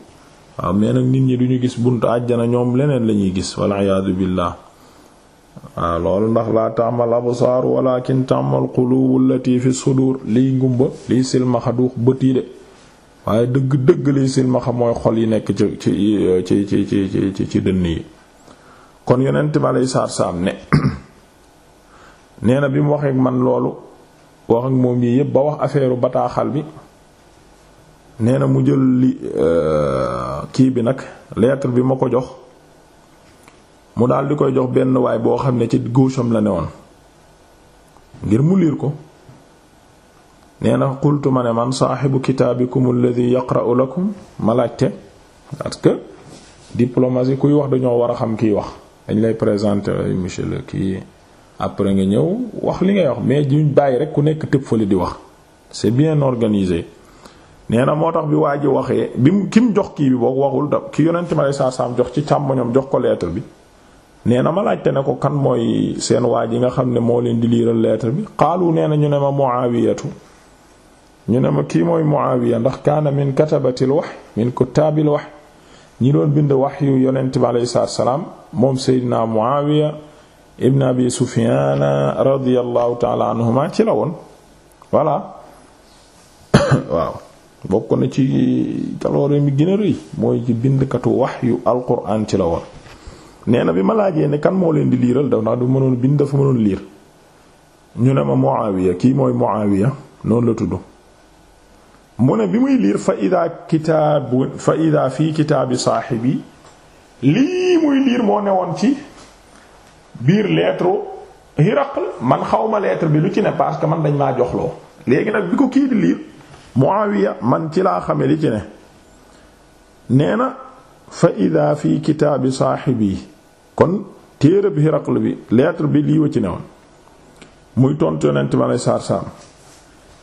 waaw mais nag nit ñi duñu gis buntu àjjana ñoom leneen lañuy gis walla iyaadu billaah waaw loolu ndax laa tàmmal absaar walakin tàmmal qulubu allati fi sudur liy ngumba liy silmaxa du bët yi de waaye dëgg dëgg liy silmaxa mooy xol yi nekk ci ci ci ci ci ci ci dënn yi kon yonent bi saar saam ne nee na bi mu waxee ak man loolu wax ak moom yii yépp ba wax affaire bataaxal bi nee na mu jël li euh, kii bi nag lettre bi ma ko jox mu daal di koy jox benn waay boo xam ne ci góosam la ne woon ngir mu liir ko nee na qultu ma ne man saaxibu kitaabikum alladhi yaqra'u lakum ma laajte parce que diplomatie kuy wax dañoo war a xam kiy wax dañ lay présenter monsieur le kii après nga ñëw wax li ngay wax mais juñ bàyyi rek ku nekk tëb fële di wax c'est bien organisé nee na moo tax bi waa ji waxee bi mu ki mu jox kii bi boog waxul da ki yonent ma lay saa saam jox ci càmmoñam jox ko lettre bi nee na ma laajte ne ko kan mooy seen waa ji nga xam ne moo leen di liiral lettre bi xaalu nee na ñu ne ma Muawiyatu ñu ne ma kii mooy Muawiya ndax kaana min katabatil wax min kuttaabil wax ñi doon bind wax yu yonent bi alayhi salaam moom Seydina Muawiya ibn Abi Sufyaan radiyallahu taala anhuma ci la woon voilà bokk na ci caloore mi gën a rëy mooy ci bindkatu yu alquran ci la woon nee na bi ma laajee ne kan moo leen di liiral daf ndax du mënoon bind dafa mënoon liir ñu ne ma Muawiya kii mooy Muawiya noonu la tudd mu ne bi muy liir fa ida kitaabu fa ida fii kitaabi saaxibi lii muy liir moo woon ci biir lettre Hiraql man xawma lettre bi lu ci ne parce que man dañ maa joxloo léegi nag bi ko kii di liir Muawiya man ci laa xame li ci ne nee na fa ida fi kitaabi saaxibi kon téere bi Hiraql bi lettre bi lii ci ne woon muy tontu yonent ma lay saar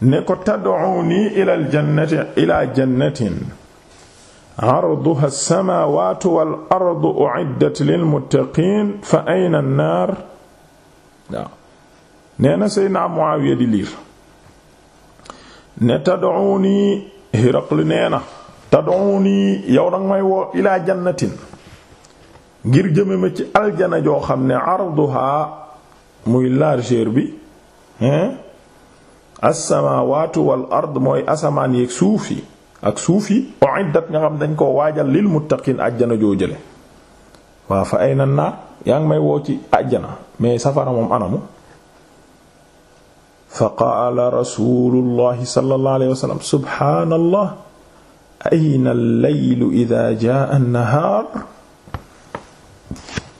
ne ko tad'uni ila ila jannatin arduha as-samawati wal ardu lil muttaqin fa ayna an-nar waaw na Seydina Muawiya di liir ne tad'uni Hiraql nee na tad'uni yow nag may woo ilaa jannatin ngir jëme ma ci aljana joo xam ne arduha muy largeur bi hein as-samaawaatu wal ard mooy asamaan yeeg suuf yi ak suuf yi u'iddat nga xam dañ koo waajal lil muttaqiin ajjana joo jële waa fa ay na yaa ngi may woo ci ajjana mais safara moom anamu fa qaala rasulullahi sallallahu alayhi wa sallam subhaanallah ayna al-laylu idhaa jaa'a an-nahaar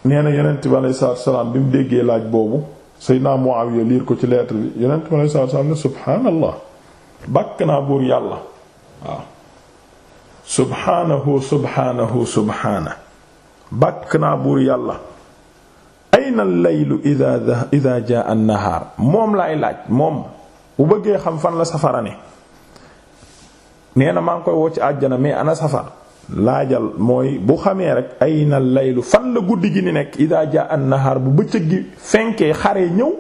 nee na yonent bi alayhi salaatu wa salaam bi mu déggee laaj boobu Seydina Muawiya liir ko ci lettre bi yonent bi alayhi salaatu wa salaam ne subhaanallah bàkk naa buur yàlla waaw subhaanahu subhaanahu subhaanahu bàkk naa buur yàlla ayna al-laylu idha idha jaa an-nahaar moom laay laaj moom bu bëggee xam fan la safara ne nee na maa ngi koy woo ci àjjana mais ana safar laajal mooy bu xamee rek ayna al-laylu fan la guddi gi ni nekk isaa jaa an-nahaar bu bëccëg gi fenkee xaree ñëw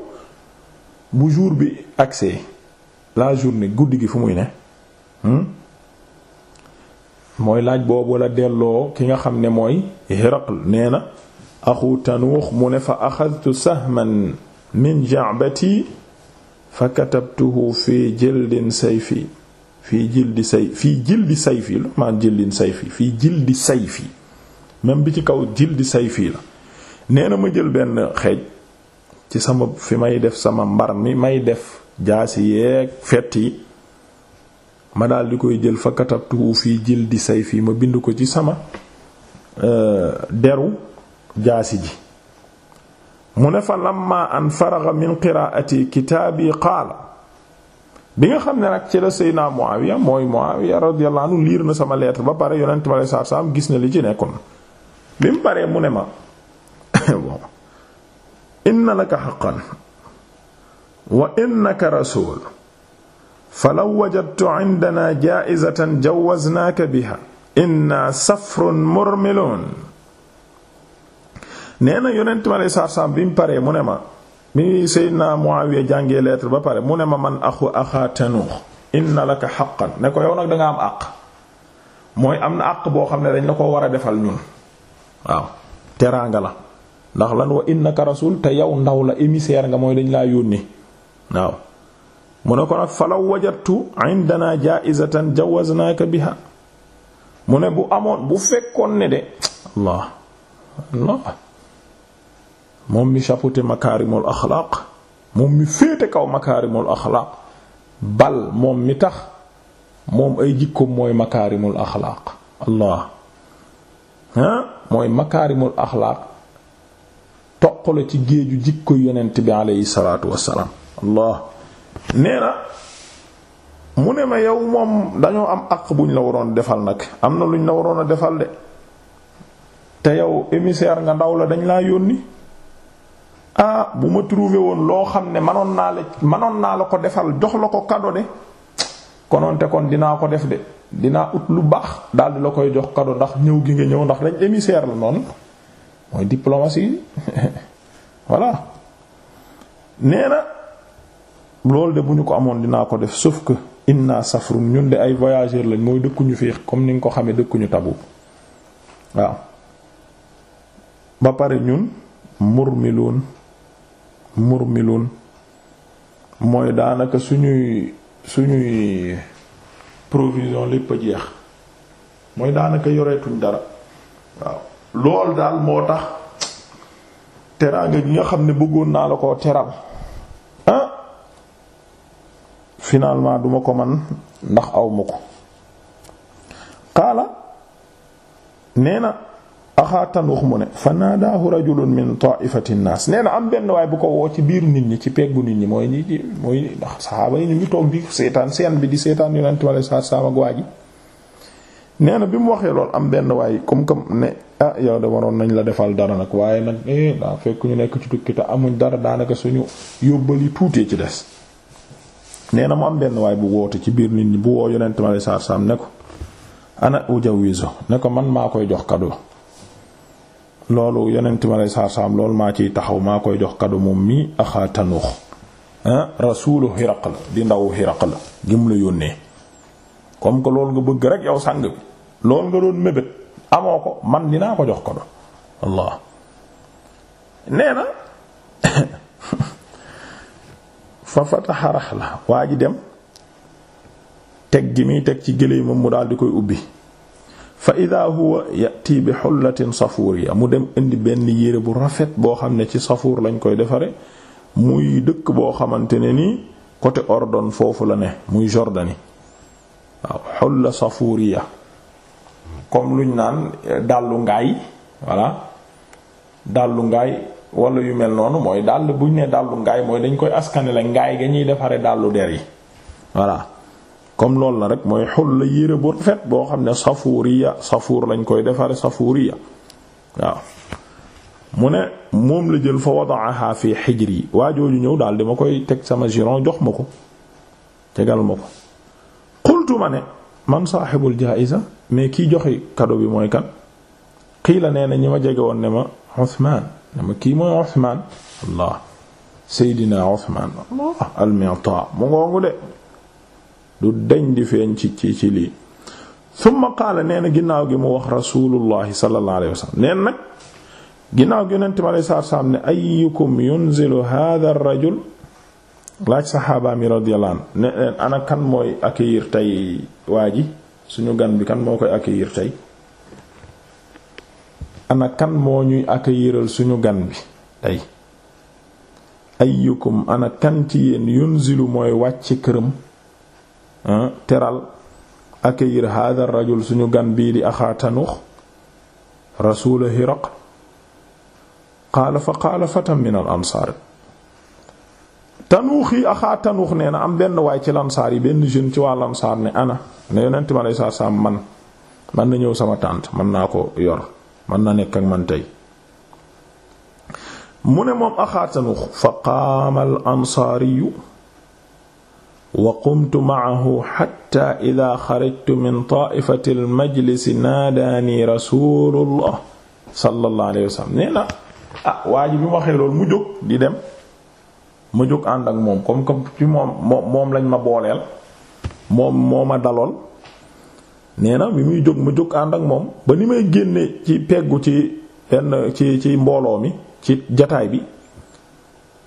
bu jour bi agsee la journée guddi gi fu muy ne hmm? mooy laaj boobu la delloo ki nga xam ne mooy Hiraql nee na axu tanuux mu ne fa axadtu sahman min ja'bati fa katabtuhu fi jildin sayfi fii jildi say fii jildi sayfi lu maan jildin sayfi fii jildi sayfi même bi ci kaw jildi fii la neena ma jël benn xeej ci sama fi may def sama mbar mi may def jaasi yeeg fett yi ma daal di koy jël fa katabtuhu fii jildi fii ma bind ko ci sama euh, deru jaasi ji mu fa lamma an faraga min qiraati kitaabi qaala bi nga xam ne nag ci la Seydina Muawiya mooy Muawiya radiyallahu anhu liir na sama lettre ba pare yonent bi saa saam gis na li ci nekkoon bi mu paree ne ma bon inna laka haqqan wa innaka rasul falaw wajadtu indana jaa'izatan jawwaznaaka biha inna safrun murmilun nee na yonent ma lay sarsam bi mu paree mu ne ma mi Seydina Muawiya jàngee lettre ba pare mu ne ma man axu axaa Tanuux inna laka haqqan ne ko yow nag da am àq mooy am na àq boo xam ne dañ la ko war a defal ñun waaw teraanga la ndax lan wa innaka rasul te yow ndaw la émissaire nga mooy dañ laa yónni waaw mu ne ko nag falaw wajadtu indana jaizatan jawaznaka biha mu ne bu amoon bu fekkoon ne de allah moom mi chapeauté makaarimul axlaaq moom mi féete kaw makaarimul axlaaq bal moom mi tax moom ay jikkoom mooy makaarimul axlaaq allah mooy makaarimul axlaaq toqale ci géeju jikko yonent bi aleyhi salaatu wassalaam allah nee na mu ne ma yow moom dañoo am àq buñ la waroon defal nag am na lu ñu la waroon a defal de te yow émissaire nga ndaw la dañ laa yónni ah bu ma trouvé woon loo xam ne manoon naa la manoon naa la ko defal jox la ko kado de konoonte kon dinaa ko def de dinaa ut lu baax daal di la koy jox kado ndax ñëw gi nga ñëw ndax dañ émissaire la noonu mooy diplomatie voilà nee na loolu de bu ñu ko amoon dinaa ko def sauf que inna safrun ñun de ay voyageurs lañ mooy dëkkuñu fii comme ni nga ko xamee dëkkuñu tabu waaw ba pare ñun murmiloon murmiluun mooy daanaka suñuy suñuy provision lépp a jeex mooy daanaka yoreetuñ dara waaw lool daal moo tax teraanga gi nga xam ne bëggoon naa la ko teral ah finalement duma ko man ndax aw ma ko xaala nee na axaa tanux mu ne fa naadaahu rajulun min taifati nnaas nee na am benn waay bu ko woo ci biir nit ñi ci peeg bu nit ñi mooy ñi mooy ndax saxaaba yi ñu ngi toog di seetaan seen bi di seetaan yonent wala saa saam ak waa ji nee na bi mu waxee lool am benn waay comme comme ne ah yow de waroon nañ la defal dara nag waaye nag eh fekk ñu nekk ci tukki amuñ dara daanaka suñu yóbbal yi tuutee ci des nee na mu am benn waay bu woote ci biir nit ñi bu woo yonent wala saa saam ne ko ana ujawizu ne ko man maa koy jox cadeau loolu yonent ma lay saa saam loolu maa ciy taxaw maa koy jox kaddu moom mi axaa tanuux ah rasuulu Hiraql di ndaw Hiraql gëm la yónnee comme que loolu nga bëgg rek yow sàng bi loolu nga doon mébét amoo ko man dinaa ko jox kado Allah nee na fa fataxa raxla waa ji dem teg gi muy teg ci gëléemam mu daal di koy ubbi fa ida huwa yati bi xullatin safuuriya mu dem indi benn yére bu rafet boo xam ne ci safuur lañ koy defare muy dëkk boo xamante ne nii côté ordon foofu la ne muy jordani waaw xulla safuuriya comme luñ naan eh, dàllu ngaay voilà dàllu ngaay wala yu mel noonu mooy dàll buñ ne dàllu ngaay mooy dañ koy askane la ngaay ga ñuy defare dàllu der yi voilà comme loolu la rek mooy xol la yére bu rafet boo xam ne safuriya safuur lañ koy defare safuriya waaw mu ne moom la jël fa wadaaha fi xijri waa jooju ñëw daal di ma koy teg sama giron jox ma ko tegal ma ko qultu ma ne man saaxibul jaaiza mais kiy joxe cadeau bi mooy kan qiila nee na ñi ma jege woon ne ma Usmaan ma kii mooy Usmaan allah mu ngoongu de du dañ di feeñ ci ci ci lii summa qaala nee na ginnaaw gi mu wax rasulullahi sallallahu alayhi wa sallam nag ginnaaw gi yonente mi alayhi salaam ne ayyukum yunzilu hadha ar-rajul laaj saxaaba mi radiyallahu ana kan mooy accueillir tey waa ji suñu gan bi kan moo koy accueillir tey ana kan moo ñuy accueilliral suñu gan bi tey ayyukum ana kan ci yéen yunzilu mooy wàcc këram teral accueillir hadha rajul suñu gan bii di axaa tanux rasula hiraq qaala fa qaala fatam min al ansaar tanuux yi axaa tanuux nee na am benn waay ci lansaar yi benn jeune ci waa lansaar ne ana ne yonent ma lay saam man man na ñëw sama tànt man naa ko yor man na nekk ak man tey mu ne moom axaa tanuux fa qaama al wa qumtu macahu xatta ida xarajtu min taifati almajlisi naadaani rasulullah sallallahu alayhi wa nee na ah waa ji bi mu waxee mu jóg di dem mu jóg ànd ak moom comme comme ci moom moom lañ ma booleel moom moo ma dalool nee na bi muy jóg ma jóg ànd ak moom ba ni may génne ci peggu ci benn ci ci mbooloo mi ci jataay bi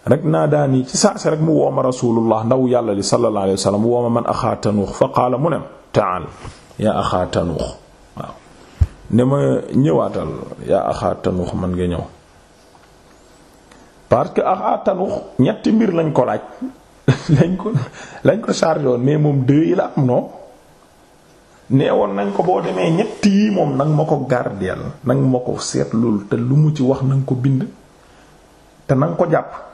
rek naa daan yi ci saase rek mu wooma rasulullah ndaw yàlla li sallallahu alayhi wa man axaa tanuux fa qaala mu ne ma ñëwaatal yaa axaa tanuux man nga ñëw parce que axaa tanuux ñetti mbir lañ ko laaj lañ ko lañ ko chargé woon moom deux la am non nee woon nañ ko boo demee ñett yi moom nag ma ko gardeel nag ma ko seetlul te lu mu ci wax nanga ko bind te nanga ko jàpp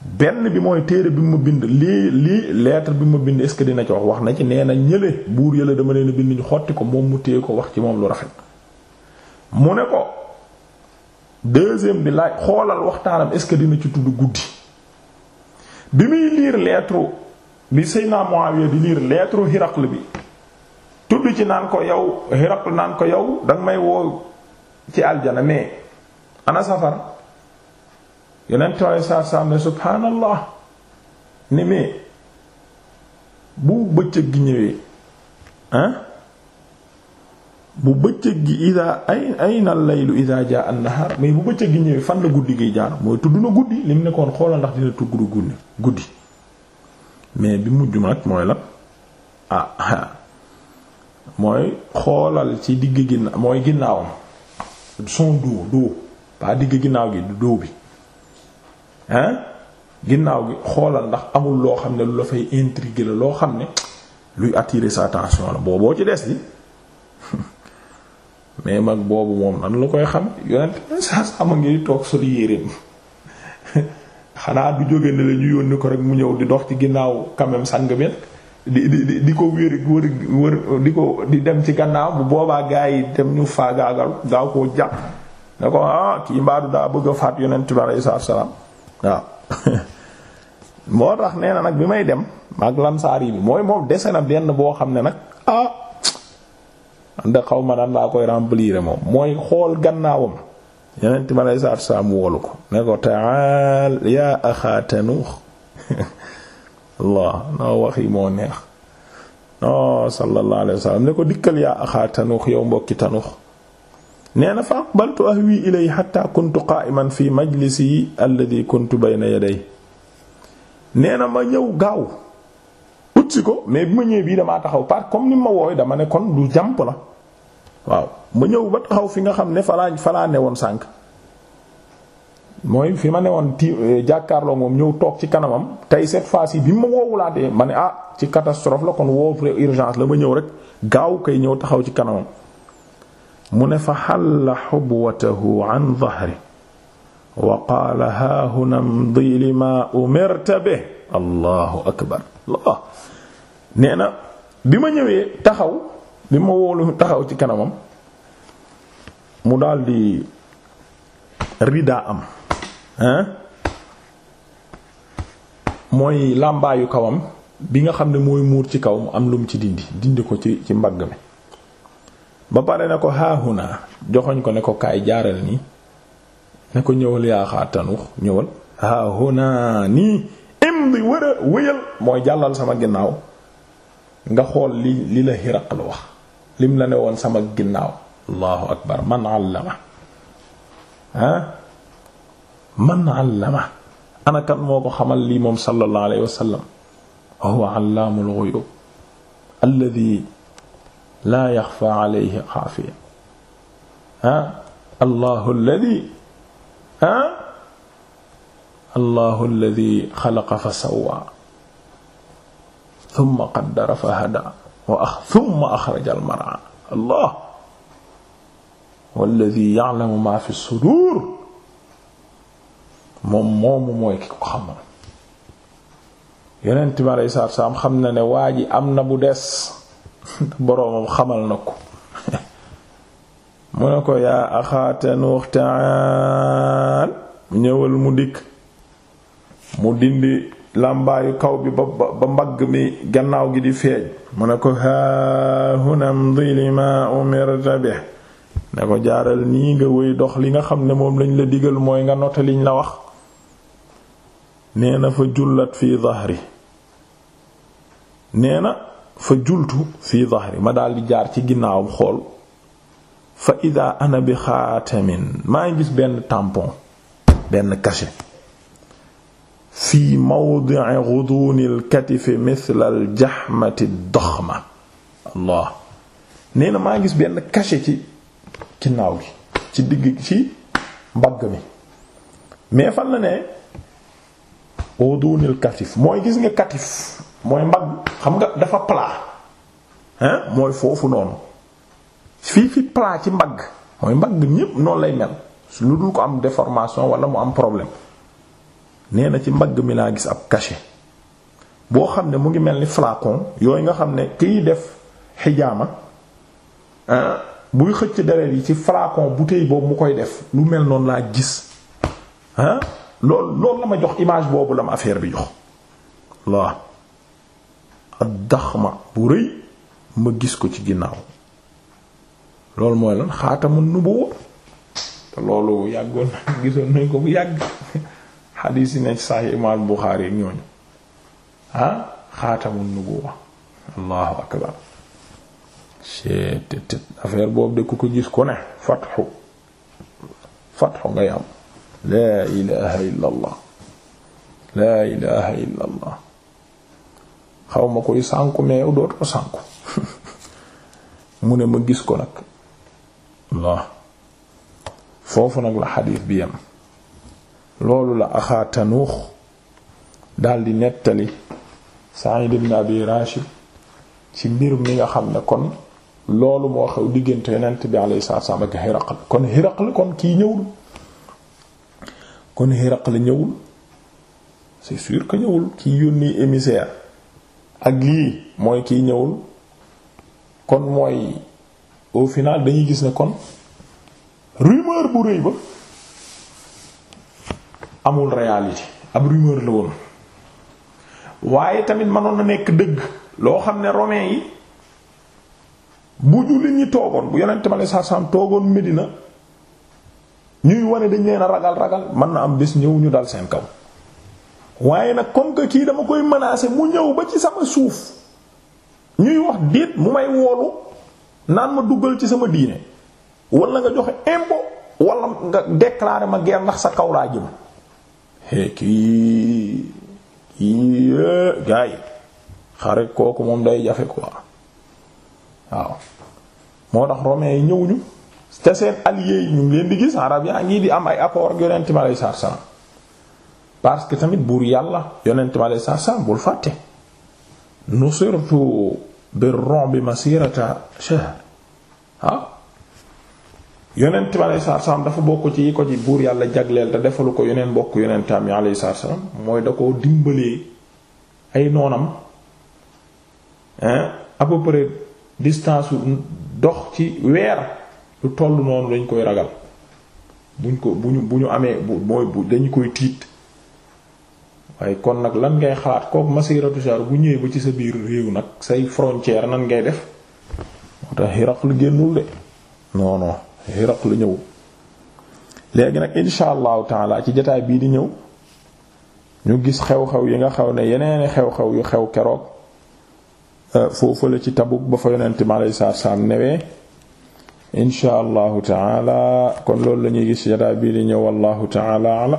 benn bi mooy téere bi mu bind lii lii lettre bi mu bind est ce dina ci wax wax na ci nee na ñële buur yële dama leen bind ñu xotti ko moom mu téye ko wax ci moom lu rafet mu ne ko deuxième bi laaj xoolal waxtaanam est ce que dina ci tudd guddi bi muy liir lettre bi Seydina Muawiya di liir lettre Hiraql bi tudd ci naan ko yow Hiraql naan ko yow danga may woo ci aljana mais ana safar yonent waaye saa saa ne subhaanallah ne mais bu bëccëg gi ñëwee ah bu gi ida ay na al-laylu ida jaa an mais bu bëccëg gi ñëwee fan la guddi giy jaar mooy tudd na guddi li mu nekkoon xoolal ndax dina tudd guddi guddi mais bi mujj nag mooy la ah, ah mooy xoolal ci digg ginnaaw mooy ginnaawam son doo doo pas digg ginnaaw gi doo bi hein ginnaaw gi xoolal ndax amul loo xam ne lu la fay intriguer la loo xam ne luy attirer sa attention la booboo ci des di mais mag boobu moom nan lu koy xam yonent saa sama ngi toog sol yéreem xanaa du jóge ne la ñu yónni ko rek mu ñëw di dox ci ginnaaw quand même sang bi di di di ko wér wër wër di ko di dem ci gannaaw bu boobaa gaa yi dem ñu faagaagal gaaw koo jàpp ne ko ah kii mbaadu daa bëgg a faat yonent bi aleyhi salaam waaw moo tax nee na nag bi may dem ak lansaar yi bi mooy moom dese na benn boo xam ne nag ah ndax xaw ma daan laa koy remplir moom mooy xool gannaawam yeneen ma lay saatu saam woolu ko ne ko taal yaa axaatanu Allah noo wax moo neex no sallallahu alayhi wasallam ne ko dikkal yaa axaa yow mbokki tanux nee na fa aqbaltu ahwi ilay hatta kuntu qa'iman fi majlisi alladhi kuntu bayna yaday nee na ma ñëw gaaw utsi ko mais bi ma ñëwee bii damaa taxaw par comme ni ma wooy dama ne kon du jàmp la waaw ma ñëw ba taxaw fi nga xam ne falaa falaa newoon sànq mooy fi ma newoon ti eh, jàkkaarloo moom ñëw toog ci kanamam tey cette fois-ci bi ma woowulaatee ma ne ah ci catastrophe la kon woo urgence la ma ñëw rek gaaw kay ñëw taxaw ci kanamam mu ne fa xal xubwatahu an dahri wa qaala haahuna mdi lima umirta be allahu akbar allah nee na bi ma ñëwee taxaw bi ma woolu taxaw ci kanamam mu daldi ridaa am hein mooy làmbaayu kawam bi nga xam ne mooy muur ci kaw mu am lum ci dindi dindi ko ci ci mbagg mi ba pare na ko haahuna joxoñ ko ne ko kaay jaaral nii ne ko ñëwal yaaxaatanu ñëwal haahuna nii imdi wëra wëyal mooy jàllal sama ginnaaw nga xool li li la xiraq la wax lim la ne woon sama ginnaaw allahu akbar man àllama ah man àllama anakan moo ko xamal lii moom sallallahu alayhi wa sallam wa huwa allaamul ghuyub alladhi laa yaxfaa alayhi xaafiya ah allahu alladi ah allahu alladi xalaqa fa sawwaa thumma qaddara fa hadaa wa thumma axraja almar'aa allah walladi ya'lamu maa fi suduur moom moomu mooy ki ko xamoon yeneen tibe alay salaam xam na ne waa ji am na bu des boroomam xamal na ko mu ne ko yaa axaata nuux ñëwal mu dikk mu dindi làmbaayu kaw bi ba ba mbagg mi gannaaw gi di feeñ mu ne ko haa hunam dilima umirta bi ne ko jaaral nii nga wéy dox li nga xam ne moom lañ la digal mooy nga note liñ la wax nee na fa jullat fi dhahri nee na fa jultu fi dhahri ma daal di jaar ci ginnaawam xool fa ida ana bi xaatamin maa ngi gis benn tampon benn cachet fii mawdi'i ghudunil katifi mithla al jahmati daxma allah nee maa ngi gis benn cachet ci ginnaaw gi ci digg ci mbagg mi mais fan la ne ghudunil katif mooy gis nga katif mooy mbagg xam nga dafa plat hein mooy foofu noonu fii fi plat ci mbagg mooy mbagg ñépp noonu lay mel lu dul ko am déformation wala mu am problème nee na ci mbagg mi laa gis ab cachet boo xam ne mu ngi mel ni flacon yooyu nga xam ne kiy def xijaama buy xëcc deret yi ci flacon bouteille boobu mu koy def lu mel noonu laa gis ah loolu loolu la ma jox image boobu la ma affaire bi jox waaw ad-daxma bu rëy ma gis ko ci ginnaaw loolu mooy lan xaatamu nubuwa te loolu yàggoon na gisoon nañ ko bu yàgg xadiis yi ne Sahih Imam Bukhari ak ñooñu ah xaatamu nubuwa allahu akbar tt affaire boobu de ku ko gis ko ne fatxu fatxu ngay am laa ilaha illa laa ilaha illa xaw ma koy sànku mais dootu ko sànku mu ne ma gis ko nag waaw foofu nag la xadiis bi yem loolu la axaa tanuux daldi nettali Sa'id ibn Abi Rashid ci mbir mi nga xam ne kon loolu moo xew diggante yonent bi alayhi salaam ak Hiraql kon Hiraql kon kii ñëwul kon Hiraql ñëwul c'est sûr que ñëwul kii yónni émissaire ak lii mooy kiy ñëwul kon mooy au final dañuy gis ne kon rumeur bu rëy ba amul réalité ab rumeur la woon waaye tamit mënoon na nekk dëgg loo xam ne romain yi bu jullit ñi toogoon bu yeneen ma saa saam toogoon Medina ñuy wane dañ leen ragal ragal mën na am bis ñëw ñu dal seen kaw waaye nag comme que kii dama koy menacer mu ñëw ba ci sama suuf ñuy wax déet mu may woolu naan ma duggal ci sama diine wala nga joxe impôt walla nga déclarer ma guerre ndax sa kaw laa jëm é kii kii eh, gars yi xare kooku moom day jafe quoi waaw moo tax romains yi ñëw ñu te seen alliés yi ñu leen di gis arab yaa ngi di am ay accord ak yonent mi alayhi parce que tamit buur yàlla yonent ma lay saa saa bul fàtte nusirtu bir rombi masirata shahr waaw ah? yonent bi alayhi salaatu salaam dafa bokk ci yi ko ci buur yàlla jagleel te defalu ko yeneen bokk yonentam yi alayhi salaatu salaam mooy da ko dimbalee ay noonam à peu près distance dox ci weer lu toll noonu lañ koy ragal buñ ko bu ñu bu ñu amee mooy bu dañu koy tiit waaye kon nag lan ngay xalaat kook masiratu shahr bu ñëwee ba ci sa biir réew nag say frontière nan ngay def moo tax Hiraql génnul de non non Hiraql ñëw léegi nag insha allahu taala ci jotaay bii di ñëw ñu gis xew-xew yi nga xew ne yeneeni xew-xew yu xew keroog euh, foofu la ci Tabuk ba fa yonent mi alayhi kon loolu lañuy ñuy gis jotaay bii di ñëw wallahu taala ala